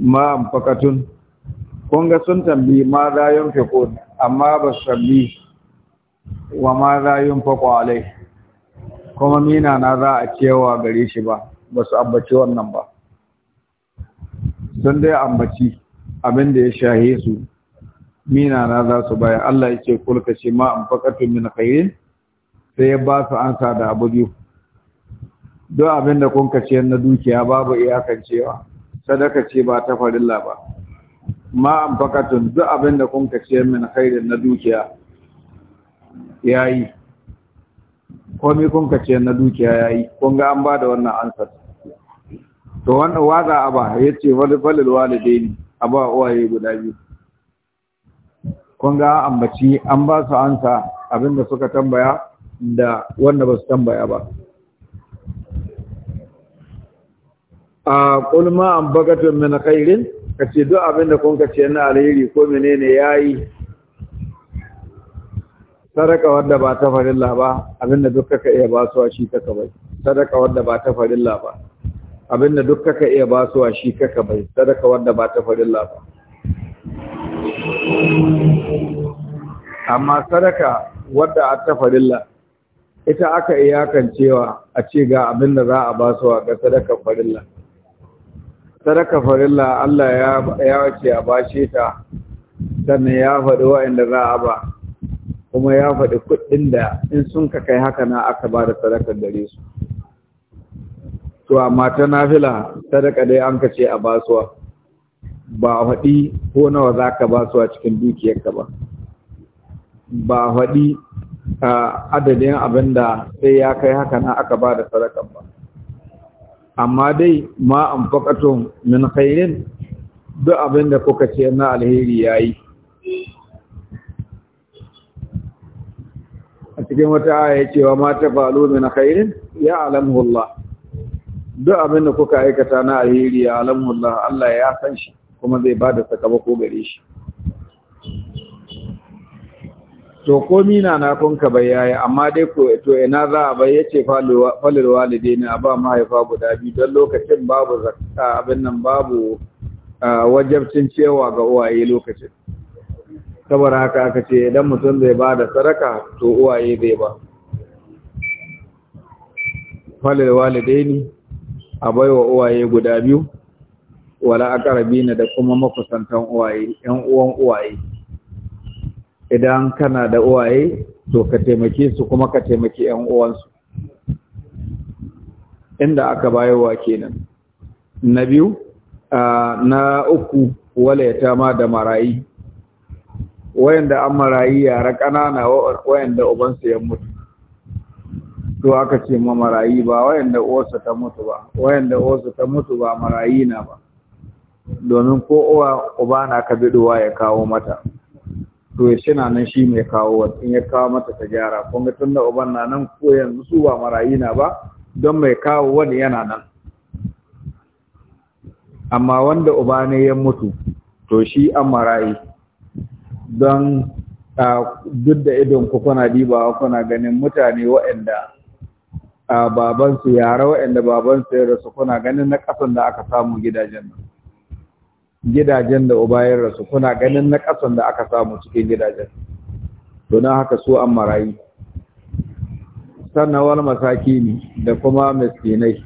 ma amfakatun kun ga sun tambi ma za yin amma ba su tambi wa ma za yin fakwalai kuma mina na za a cewa gare shi ba ba su ambaci wannan ba sun dai ambaci abin da ya shahe su mina na za su baya Allah ya ce kulka ce ma amfakatun min khairin sai ya ba su ansa da abu biyu duk abin da kun kace na dukiya babu iyakan cewa sadaka ce ba ta farilla ba ma amfakatun duk abin da kun kace min khairin na dukiya yayi komai kun kace na dukiya yayi kun ga an bada wannan ansar to wannan waza aba yace wal balil walidaini aba uwaye guda biyu kun ga ambaci an ba su ansa abinda suka tambaya da wanda ba su tambaya ba a kulma an bagatun min khairin kace duk abin da kun kace na alheri ko menene yayi sadaka wanda ba ta farilla ba abin da duk kaka iya basuwa shi kaka bai sadaka wanda ba ta farilla ba abin da duk kaka iya basuwa shi kaka bai sadaka wanda ba ta farilla ba amma sadaka wadda a ta farilla ita aka iyakan cewa a ce ga abin da za a basuwa ga sadaka farilla sadaka farilla Allah ya wace a bashe ta sannan ya faɗi wa'inda za a ba kuma ya faɗi kuɗin da in sun ka kai haka na aka ba da sadakar dare su to amma ta nafila sadaka dai an kace ce a basuwa ba a faɗi ko nawa za ka basuwa cikin dukiyarka ba ba a faɗi adadin abin da sai ya kai haka na aka ba da sadakar ba amma dai ma an min khairin duk abin da kuka ce na alheri ya yi a cikin wata aya cewa ma ta falo min khairin ya alamullah duk abin da kuka aikata na alheri ya alamullah Allah ya san shi kuma zai ba da sakamako gare shi to komi na na kun ka bai yayi amma dai ko to ina za a bai yace falil walidaini a ba mahaifa guda biyu don lokacin babu zakka abin nan babu wajabcin cewa ga uwaye lokacin saboda haka aka ce idan mutum zai ba da sadaka to uwaye zai ba falil walidaini a bai wa uwaye guda biyu wala aqrabina da kuma makusantan uwaye 'yan uwan uwaye idan kana da uwaye to ka taimake su kuma ka taimaki ƴan uwansu inda aka bayowa kenan na biyu na uku ya ma da marayi wayanda an marayi yara ƙanana wayanda ubansu ya mutu to aka ce ma marayi ba wayanda uwarsa ta mutu ba wayanda uwarsa ta mutu ba marayi na ba domin ko uwa uba na ka bidowa ya kawo mata to shi na nan shi mai kawo in ya kawo mata ta gyara kuma tun na uban na nan ko yanzu su ba marayi na ba don mai kawo wani yana nan amma wanda uba ne ya mutu to shi an marayi don duk da idon ku kuna dibawa kuna ganin mutane wa'anda babansu yara wa'anda babansu ya rasu kuna ganin na kasan da aka samu gidajen nan gidajen da uba ya rasu kuna ganin na kasan da aka samu cikin gidajen na haka su an marayi sannan wani masaki ne da kuma miskinai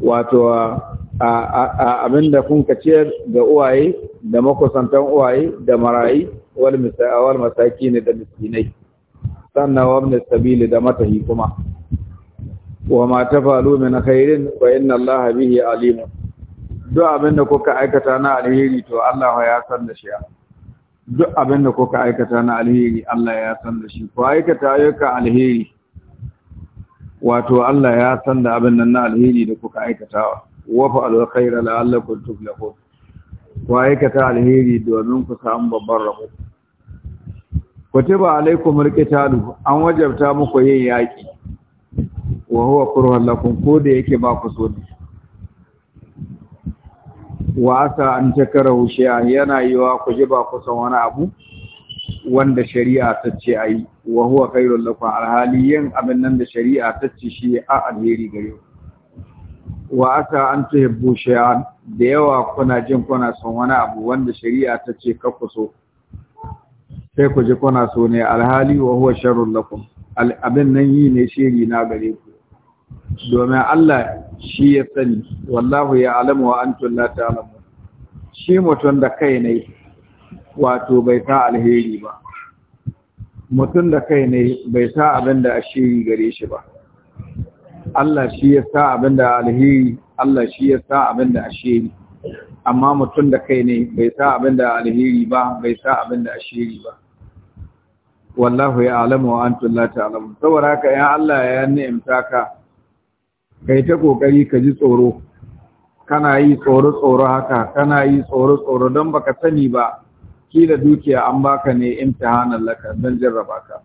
wato abinda kun kace ga uwaye da makusantan uwaye da marayi wal masaki ne da miskinai sannan wani sabili da matahi kuma wa ma tafalu min khairin wa inna allaha bihi alimun duk abin da kuka aikata na alheri to Allah ya san da shi duk abin da kuka aikata na alheri Allah ya san da shi Ko aikata ayyuka alheri wato Allah ya san da abin nan na alheri da kuka aikata. wa fa'alul khaira la'allakum tuflihun Ko aikata alheri domin ku samu babban rabo kutiba alaikum alqitalu an wajabta muku yin yaki wa huwa kurhan lakum ko da yake ba ku so ne wa an an takarahu a, yana yi wa ku jiba ba ku san wani abu wanda shari'a ta ce ayi wa huwa khairul lakum alhali yin abin nan da shari'a ta ce shi a alheri gare ku wa asa an tuhibbu a, da yawa kuna jin kuna son wani abu wanda shari'a ta ce ka ku so sai ku ji kuna so ne alhali wa huwa sharrul lakum abin nan yi ne shiri na gare ku domin Allah shi ya sani wallahu ya alamu wa antum la ta'lamun shi mutum da kai ne wato bai sa alheri ba mutum da kai ne bai sa abin da ashiri gare shi ba Allah shi ya sa abin da alheri Allah shi ya sa abin da ashiri amma mutum da kai ne bai sa abin da alheri ba bai sa abin da ashiri ba wallahu ya alamu wa antum la ta'lamun saboda haka ya Allah ya ni'imta ka kai ta kokari ka ji tsoro kana yi tsoro tsoro haka kana yi tsoro tsoro don baka sani ba Ki da dukiya an baka ne imtihanan laka don jarraba ka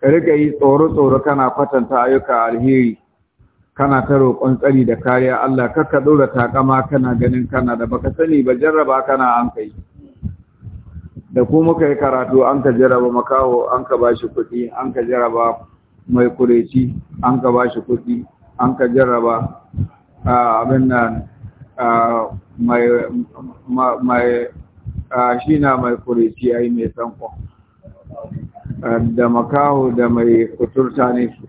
ka rika yi tsoro tsoro kana kwatanta ayyuka alheri kana ta roƙon tsari da kariya Allah ka ɗora takama kana ganin kana da baka sani ba jarraba kana an kai da ku muka yi karatu an ka jarraba makaho an ka bashi shi kuɗi an ka jaraba mai kureci an ka ba shi kuɗi an ka jarraba abin nan mai shi na mai kureci ai mai sanko da makaho da mai kuturta ne su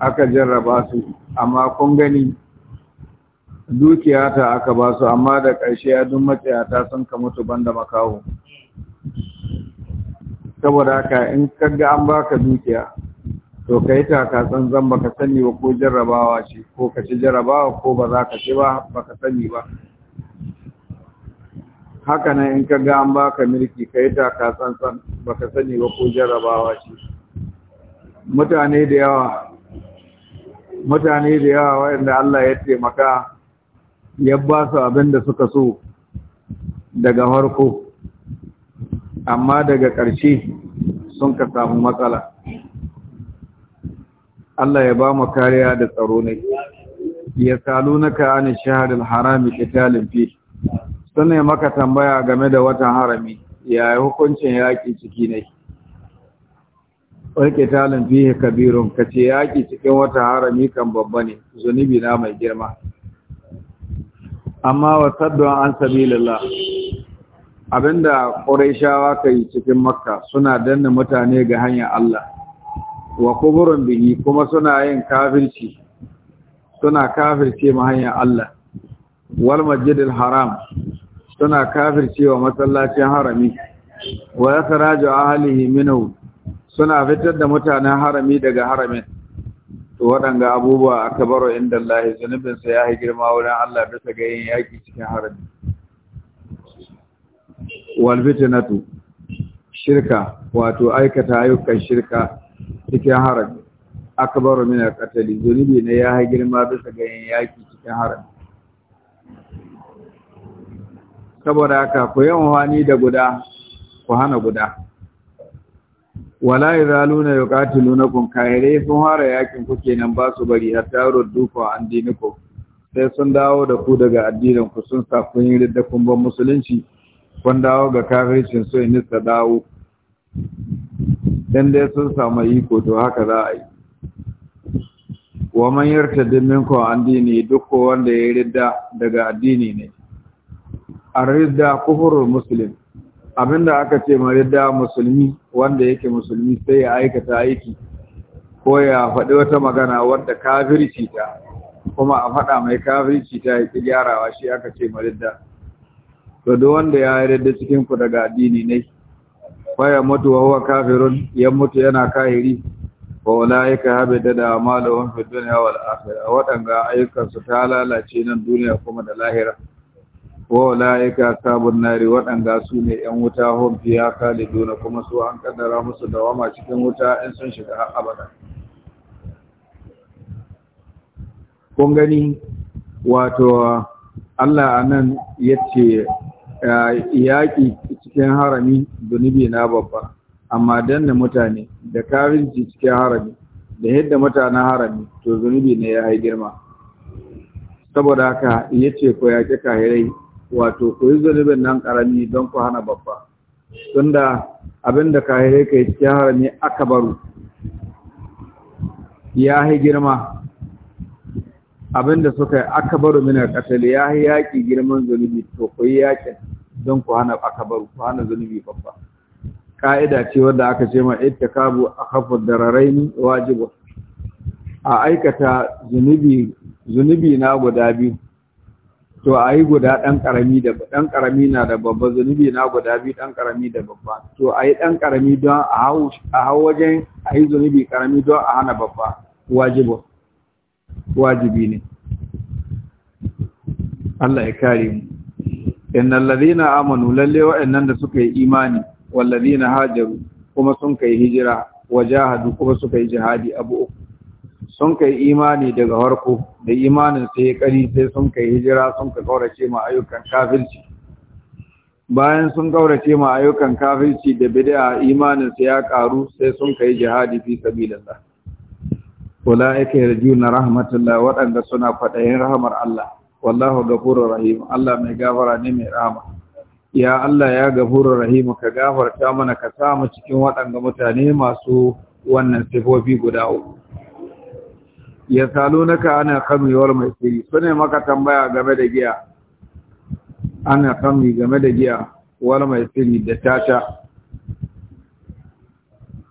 aka jarraba su amma kun gani dukiyata ta aka ba su amma da ƙarshe ya dun matsayata sun ka mutu banda makaho saboda haka in kaga an baka dukiya to kai taka tsantsan baka sani ba ko jarrabawa ce ko ka ci jarrabawa ko ba za ka ci ba baka sani ba haka nan in ka ga an baka mulki kai taka tsantsan baka sani ba ko jarrabawa ce mutane da yawa mutane da yawa waɗanda Allah ya taimaka ya ba su abin da suka so daga farko amma daga ƙarshe sun ka samu matsala Allah ya ba mu kariya da tsaro ne ya ka ani shahadul harami qitalin fi sannan maka tambaya game da watan harami ya hukuncin yaki ciki ne wal qitalin fihi kabirun kace yaki cikin watan harami kan babba ne zunubi na mai girma amma wa saddu an sabilillah abinda quraishawa kai cikin makka suna danna mutane ga hanyar Allah wa kuburun bihi kuma suna yin kafirci suna kafirce ma hanyar Allah wal masjidil haram suna kafirce wa masallacin harami wa yakraju ahlihi minhu suna fitar da mutanen harami daga haramin to waɗanga abubuwa akbaru inda Allah zunubinsa ya yi girma wurin Allah bisa ga yin yaki cikin harami wal fitnatu shirka wato aikata ayyukan shirka cikin harami akbaru min al-qatl zunubi ne ya girma bisa ga yaki cikin harami saboda haka ku yi wani da guda ku hana guda wala yazaluna yuqatilunakum kahire sun hara yakin ku kenan ba su bari hatta rudduku an diniku sai sun dawo da ku daga addinin ku sun sa kun yi da kun ban musulunci kun dawo ga kafircin so in dawo dan dai sun samu iko to haka za a yi wa man yartadda minkum an dini duk wanda ya ridda daga addini ne ar-ridda kufrul muslim abinda aka ce ma ridda musulmi wanda yake musulmi sai ya aikata aiki ko ya faɗi wata magana wanda kafirci ta kuma a faɗa mai kafirci ta yake gyarawa shi aka ce ma ridda to duk wanda ya ridda cikin ku daga addini ne faya mutu wa huwa kafirun ya mutu yana kahiri wa ulaika habita da amaluhum fid dunya wal akhirah wadanga ayyukan su ta lalace nan duniya kuma da lahira wa ulaika sabun nari wadanga su ne yan wuta hum fiya khaliduna kuma su an kaddara musu dawama cikin wuta in sun shiga har abada kun gani wato Allah anan yace Eh, yaƙi cikin harami zunubi na babba amma danna mutane da karinci cikin harami da yadda mutanen harami to zunubi ne ya yi girma saboda haka ya ce ya yaƙi kahirai wato ku yi zunubin nan ƙarami don ku hana babba tunda abin da kahirai ka yi cikin harami aka baro ya yi girma abin da suka yi aka baro minar ƙasar ya yi yaƙi girman zunubi to ku yi yaƙin don ku hana bar ku hana zunubi babba ka'ida ce wadda aka ce ma ittikabu akhafud dararaini wajibu a aikata zunubi zunubi na guda biyu to a yi guda ɗan ƙarami da ɗan ƙarami na da babba zunubi na guda biyu ɗan ƙarami da babba to a yi ɗan ƙarami don a hau wajen a yi zunubi ƙarami don a hana babba wajibu wajibi ne Allah ya kare mu innal ladina amanu lalle wa'annan da suka yi imani wal ladina hajaru kuma sun kai hijira wajahadu kuma suka yi jihadi abu uku sun kai imani daga harko da imanin sai kari sai sun kai hijira sun ka kaurace ma ayyukan kafirci bayan sun kaurace ma ayyukan kafirci da bid'a imanin sai ya karu sai sun kai jihadi fi sabilillah ulaika yarjuna rahmatullah wadanda suna fadayin rahmar Allah wallahu ghafurur rahim Allah mai gafara ne mai rahama ya Allah ya gafurur rahim ka gafarta mana ka sa cikin waɗanda mutane masu wannan sifofi guda uku ya salunaka ana kami wal mai siri sune maka tambaya game da giya ana kami game da giya wal mai siri da tata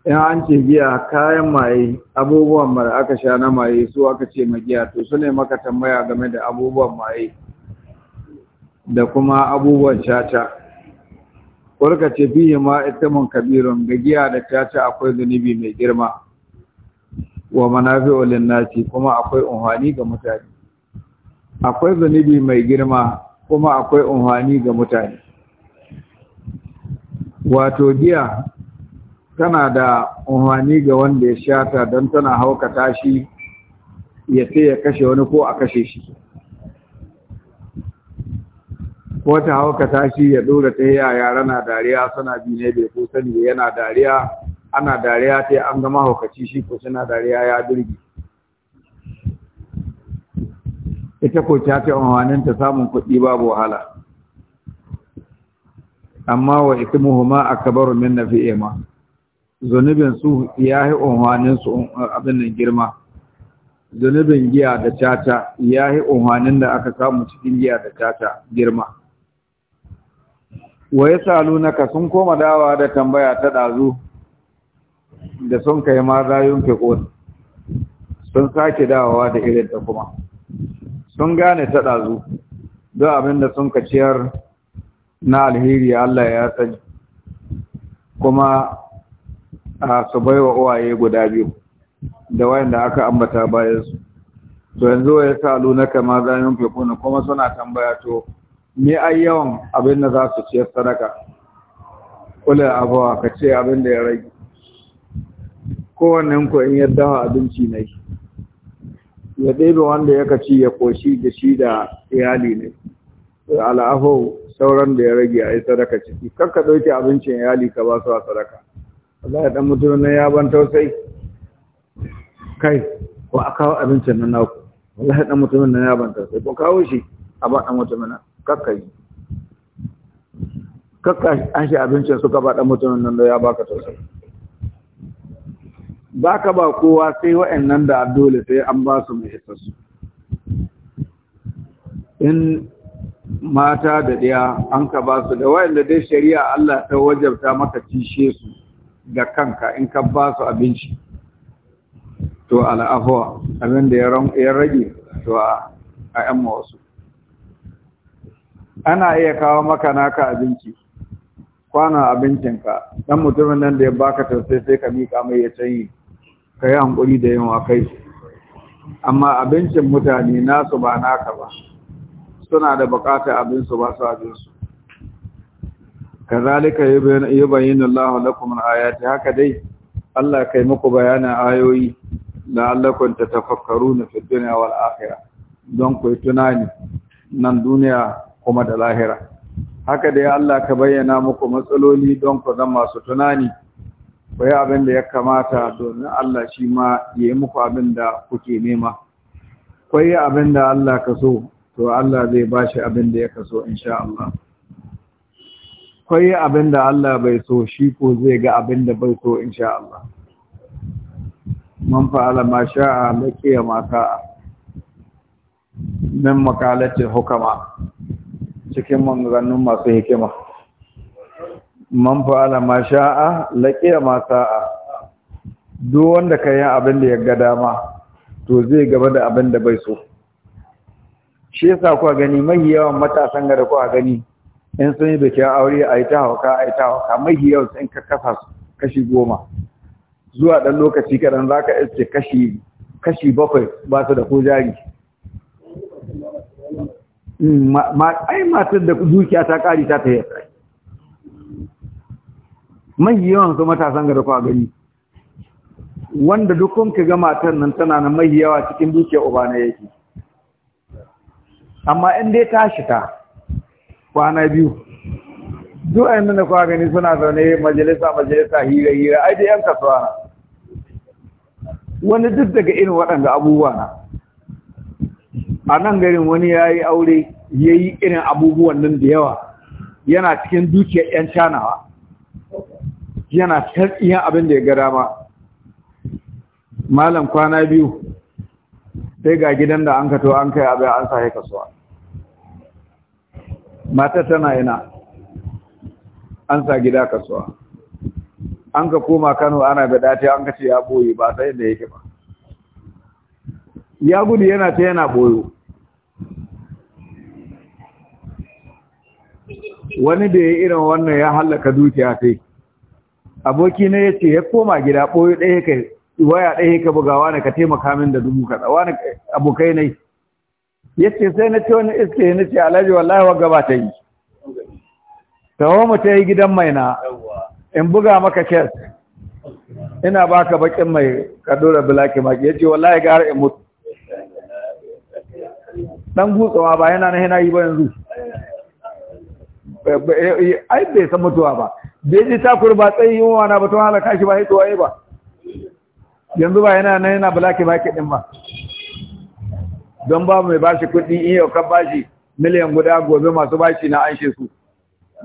in an ce giya kayan maye abubuwan mara aka sha na maye su aka ce ma giya to su ne maka tambaya game da abubuwan maye da kuma abubuwan caca kurka ce biyu ma itamin kabirin ga giya da caca akwai zunubi mai girma wa olin naci kuma akwai unhani ga mutane akwai zunubi mai girma kuma akwai unhani ga mutane wato giya tana da umarni ga wanda ya shata don tana haukata shi ya ce ya kashe wani ko a kashe shi ko ta haukata shi ya dora ta yi a yara na dariya suna bi ne bai ko sani yana dariya ana dariya ta an gama haukaci shi ko suna dariya ya birgi ita ko ta ce umarnin ta samun kuɗi babu wahala amma wa a akbaru min nafi'ima zunubin su ya yi umarnin su abin nan girma zunubin giya da caca ya yi umarnin da aka samu cikin giya da caca girma wa ya salu ka sun koma dawa da tambaya ta ɗazu da sun kai ma zayun fiƙon sun sake dawowa da irin ta kuma sun gane ta ɗazu don abin da sun kaciyar na alheri Allah ya sani kuma a su bai wa uwaye guda biyu da wayan da aka ambata bayan su to yanzu ya sa luna kama za yin fikuna kuma suna tambaya to me ai yawan abin da za su ciyar sadaka kula abuwa ka ce abin da ya rage kowannen ku in yadda abinci na yi ya ɗebe wanda ya kaci ya koshi da shi da iyali ne al'afau sauran da ya rage a yi sadaka ciki ka ɗauke abincin iyali ka ba su a sadaka ya dan mutum ne ya ban tausayi kai ko a kawo abincin nan naku wallahi dan mutumin nan ya ban tausayi ko kawo shi a ba dan mutumin nan kakkai kakka an shi abincin suka ba dan mutumin nan da ya baka tausayi ba ka ba kowa sai wa'annan da dole sai an ba su mai isassu in mata da ɗaya an ka ba su da wa'anda dai shari'a Allah ta wajabta maka cishe su da kanka in ka ba su abinci to al'afuwa abin da ya rage to a ‘yan wasu ana iya kawo maka naka abinci kwana abincinka Dan mutumin nan da ya baka tausai sai ka mika mai ya canyi ka yi hankuri da yawa kai amma abincin mutane nasu ba naka ba suna da bukatar abinsu ba su abinsu kazalika yubayyinu Allah lakum ayati haka dai Allah kai muku bayanan ayoyi ta tatafakkaruna fid dunya wal akhirah don ku tunani nan duniya kuma da lahira haka dai Allah ka bayyana muku matsaloli don ku zama su tunani bai abin da ya kamata domin Allah shi ma ya yi muku abin da kuke nema ku abin da Allah ka so to Allah zai bashi abin da ya kaso insha Allah kwai abin da Allah bai so shi ko zai ga abin da bai so insha Allah man fa'ala ma sha'a laqiya ma mata min makalacin hukama cikin maganganun masu hikima man fa'ala ma sha'a laqiya ma sa'a duk wanda ka yi abin da ya ga dama to zai gaba da abin da bai so shi yasa kuwa gani mai yawan matasan gada kuwa gani in sun yi bikin aure a yi ta hauka a yi ta hauka mai yau sai ka kafa kashi goma zuwa ɗan lokaci kaɗan za ka iske kashi kashi bakwai ba su da ko jari mm, ai matar da dukiya ta ƙari ta ta yi mahi yawan su matasan gada kwa gani wanda dukkan ka ga matar nan tana na mahi yawa cikin dukiya uba na yake amma in dai ta shika kwana biyu duk a da kwa gani suna zaune majalisa majalisa hira hira ai da yan kasuwa na wani duk daga irin waɗanda abubuwa na a nan garin wani ya yi aure ya yi irin abubuwan nan da yawa yana cikin dukiyar 'yan canawa yana iya abin da ya ga dama malam kwana biyu sai ga gidan da an kato an kai abin an sa kasuwa mata tana yana, an sa gida kasuwa an ka koma kano ana gada ta an ka ce ya boye ba sai da yake ba ya gudu yana ta yana boyo wani da ya irin wannan ya hallaka dukiya sai aboki ne ya ce ya koma gida boyo ɗaya ka waya ɗaya ka bugawa ne ka taimaka min da dubu kaɗa wani abokai ne yace sai na ce wani iske ni ce alhaji wallahi wa gaba ta yi tawo mu ta yi gidan mai na in buga maka kes ina baka bakin mai kadura bilaki maki yace wallahi gara in mutu dan gutsawa ba yana na yana yi ba yanzu eh, eh, ai bai san mutuwa ba bai ji takur ba tsayi yunwa na ba to halaka shi ba hito ba yanzu ba yana na yana bilaki ke din ba don babu mai bashi kuɗi in yau kan bashi miliyan guda gobe masu bashi na anshe su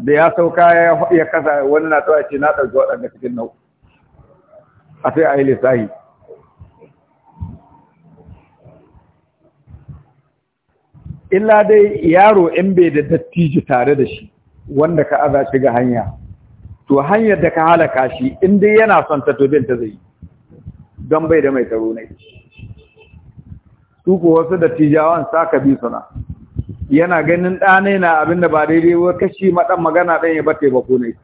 da ya sauka ya kasa wani na tsawa ce na ɗauki waɗanda cikin nau a sai a yi lissahi illa dai yaro in bai da dattiji tare da shi wanda ka aza shi ga hanya to hanyar da ka halaka shi in dai yana son ta to ta zai don bai da mai tsaro shi su wasu dattijawan saka bi suna yana ganin ɗanai na abinda ba daidai wa kashi maɗan magana ɗan ya bate ba kone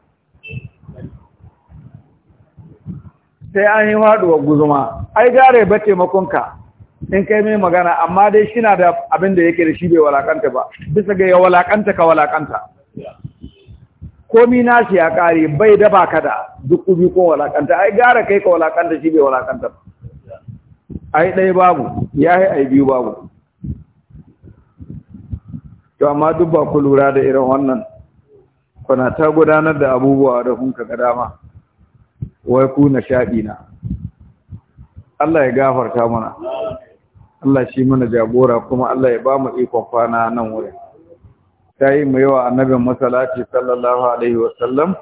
sai an yi haɗuwa guzuma ai gare ba taimakonka in kai mai magana amma dai shi na da abin da yake da shi bai walakanta ba bisa ga ya walakanta ka walakanta komi na shi ya ƙare bai dafa ka da duk kubi ko walakanta ai gara kai ka walakanta shi bai walakanta ba ai ɗaya babu ya yi ai biyu babu to amma duk ba ku lura da irin wannan kuna ta gudanar da abubuwa da kun ka dama wai ku na shaɗi na Allah ya gafarta mana Allah shi mana jagora kuma Allah ya ba mu ikon kwana nan wurin ta yi mu yawa annabin masalaci sallallahu alaihi wasallam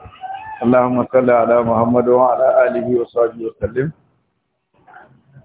Allahumma salli ala Muhammadu wa ala alihi wa sahbihi wa sallim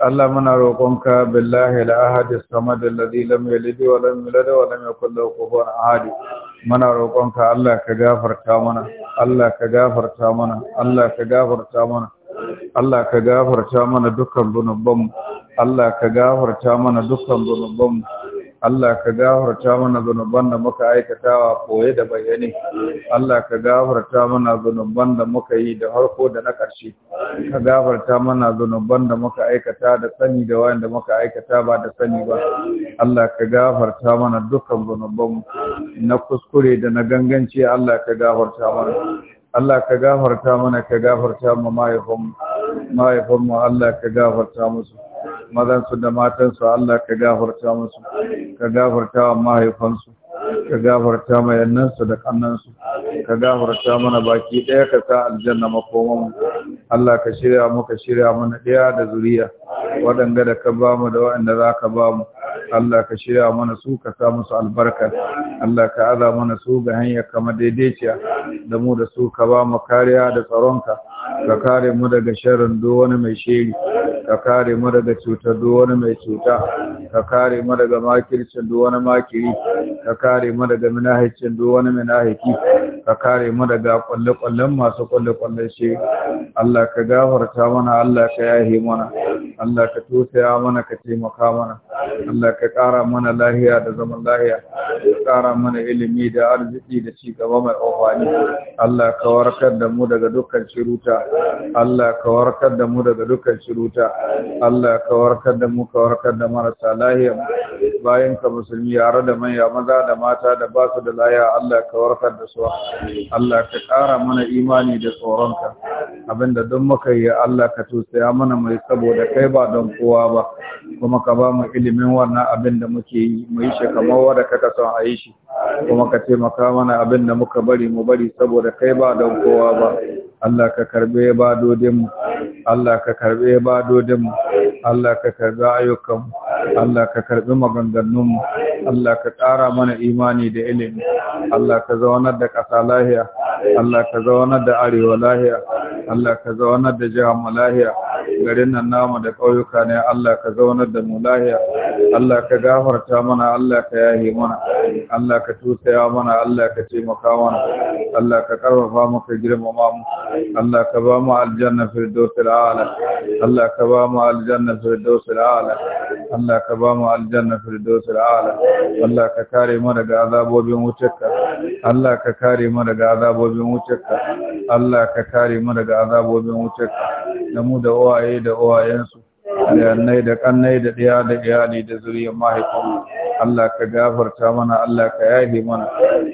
Allah muna rokonka billahi al-ahad as-samad alladhi lam yalid wa lam a wa lam yakul lahu kufuwan ahad muna roƙonka Allah ka gafarta mana Allah ka gafarta mana Allah ka gafarta mana Allah ka gafarta mana dukkan Allah ka gafarta mana dukkan Allah ka gafarta mana zunuban da muka aikata wa koye da bayyane Allah ka gafarta mana zunuban da muka yi da harko da na ƙarshe ka gafarta mana zunuban da muka aikata da sani da wanda muka aikata ba da sani ba Allah ka gafarta mana dukkan zunuban na kuskure da na ganganci Allah ka gafarta mana Allah ka gafarta mana ka gafarta ma mahaifin mu Allah ka gafarta musu mazansu da matansu Allah ka gafarta musu ka gafarta wa mahaifansu ka gafarta ma yannansu da kannansu ka gafarta mana baki ɗaya ka sa aljanna makoman Allah ka shirya mu ka shirya mana ɗaya da zuriya waɗanda da ka ba mu da waɗanda za ka ba mu Allah ka shirya mana su ka sa musu albarka Allah ka aza mana su ga hanyar kama daidaiciya da mu da su ka ba mu kariya da tsaronka ka kare mu daga sharrin duk wani mai shiri ka kare mu daga cutar duk wani mai cuta ka kare mu daga makircin duk wani makiri ka kare mu daga minahicin duk wani minahiki ka kare mu daga kwalle-kwallen masu kwalle-kwallen shi Allah ka gafarta mana Allah ka yahe mana Allah ka tusaya mana ka taimaka mana Allah ka ƙara mana lahiya da zaman lahiya ka ƙara mana ilimi da arziki da ci gaba mai amfani Allah ka warkar da mu daga dukkan shiruta. Allah ka warkar da mu daga dukkan shiruta. Allah ka warkar da mu ka warkar da marasa lahiya bayan ka musulmi yare da manya maza da mata da ba su da laya Allah ka warkar da su Allah ka ƙara mana imani da tsoronka abinda don muka yi Allah ka tusaya mana mai saboda kai ba don kowa ba kuma ka ba mu ilimi ilimin wannan abin da muke yi mu yi shi kamar wanda kaka son a yi shi kuma ka taimaka mana abin da muka bari mu bari saboda kai ba don kowa ba Allah ka karbe badodinmu Allah ka karbe badodinmu Allah ka karbe ayyukanmu Allah ka karbi maganganunmu Allah ka ƙara mana imani da ilimi Allah ka zaunar da ƙasa lahiya Allah ka zaunar da arewa lahiya Allah ka zaunar da jihar mu lahiya garin nan namu da ƙauyuka ne Allah ka zaunar da mu lahiya Allah ka gafarta mana Allah ka yahi mana Allah Allah ka tusaya mana Allah ka taimaka mana Allah ka karfafa mu ka girmama mu Allah ka ba mu aljanna firdausil a'la Allah ka ba mu aljanna firdausil a'la Allah ka ba mu aljanna firdausil a'la Allah ka kare mu daga azabobin wutarka Allah ka kare mu daga azabobin wutarka Allah ka kare mu daga azabobin wutarka da mu da uwaye da uwayensu da da kannai da ɗaya da iyali da zuriyar mahaifinmu Allah ka gafarta mana Allah ka yahi mana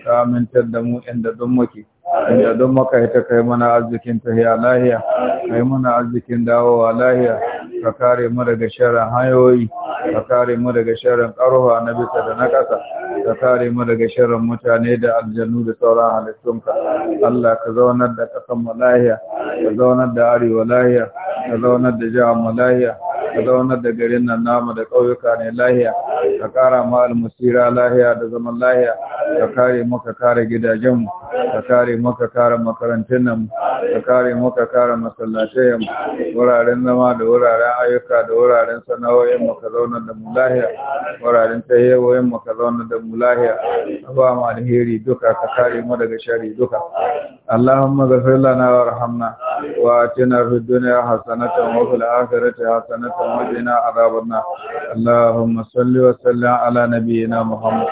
ka amintar da mu inda don muke inda don maka ita kai mana arzikin tahiya lahiya kai mana arzikin dawowa lahiya ka kare mu daga sharan hanyoyi ka kare mu daga sharan karuwa na bisa da na ƙasa ka kare mu daga sharrin mutane da aljanu da sauran halittunka Allah ka zaunar da kasan mu ka zaunar da arewa lahiya ka zaunar da jihar mu ka zaunar da garin nan namu da ƙauyuka ne lahiya ka ƙara ma almusira lahiya da zaman lahiya ka kare mu ka kare gidajen mu ka kare mu ka kare makarantun nan ka kare mu ka kare masallatai mu wuraren zama da wuraren ayyuka da wuraren sana'o'in mu ka zaunar da mu lahiya wuraren tahiyoyin mu ka zaunar da mu lahiya ka ba mu alheri duka ka kare mu daga shari duka Allahumma ghfir lana warhamna wa atina fid dunya hasanatan wa fil akhirati hasanatan وقنا عذاب النار اللهم صل وسلم على نبينا محمد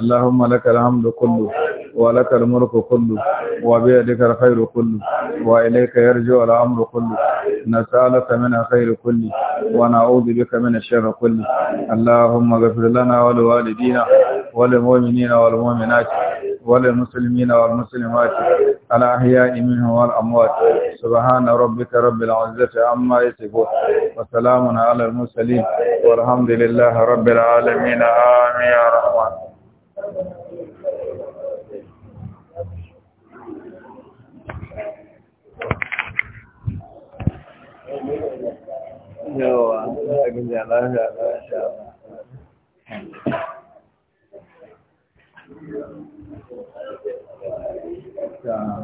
اللهم لك الحمد كله ولك الملك كله وبيدك الخير كله وإليك يرجع الأمر كله نسألك من الخير كله ونعوذ بك من الشر كله اللهم اغفر لنا ولوالدينا وللمؤمنين والمؤمنات وللمسلمين والمسلمات الأحياء منهم والأموات سبحان ربك رب العزة عما يصفون وسلام على المرسلين والحمد لله رب العالمين آمين يا رحمن Yawa, Allah ya lafiya lafiya. Uh,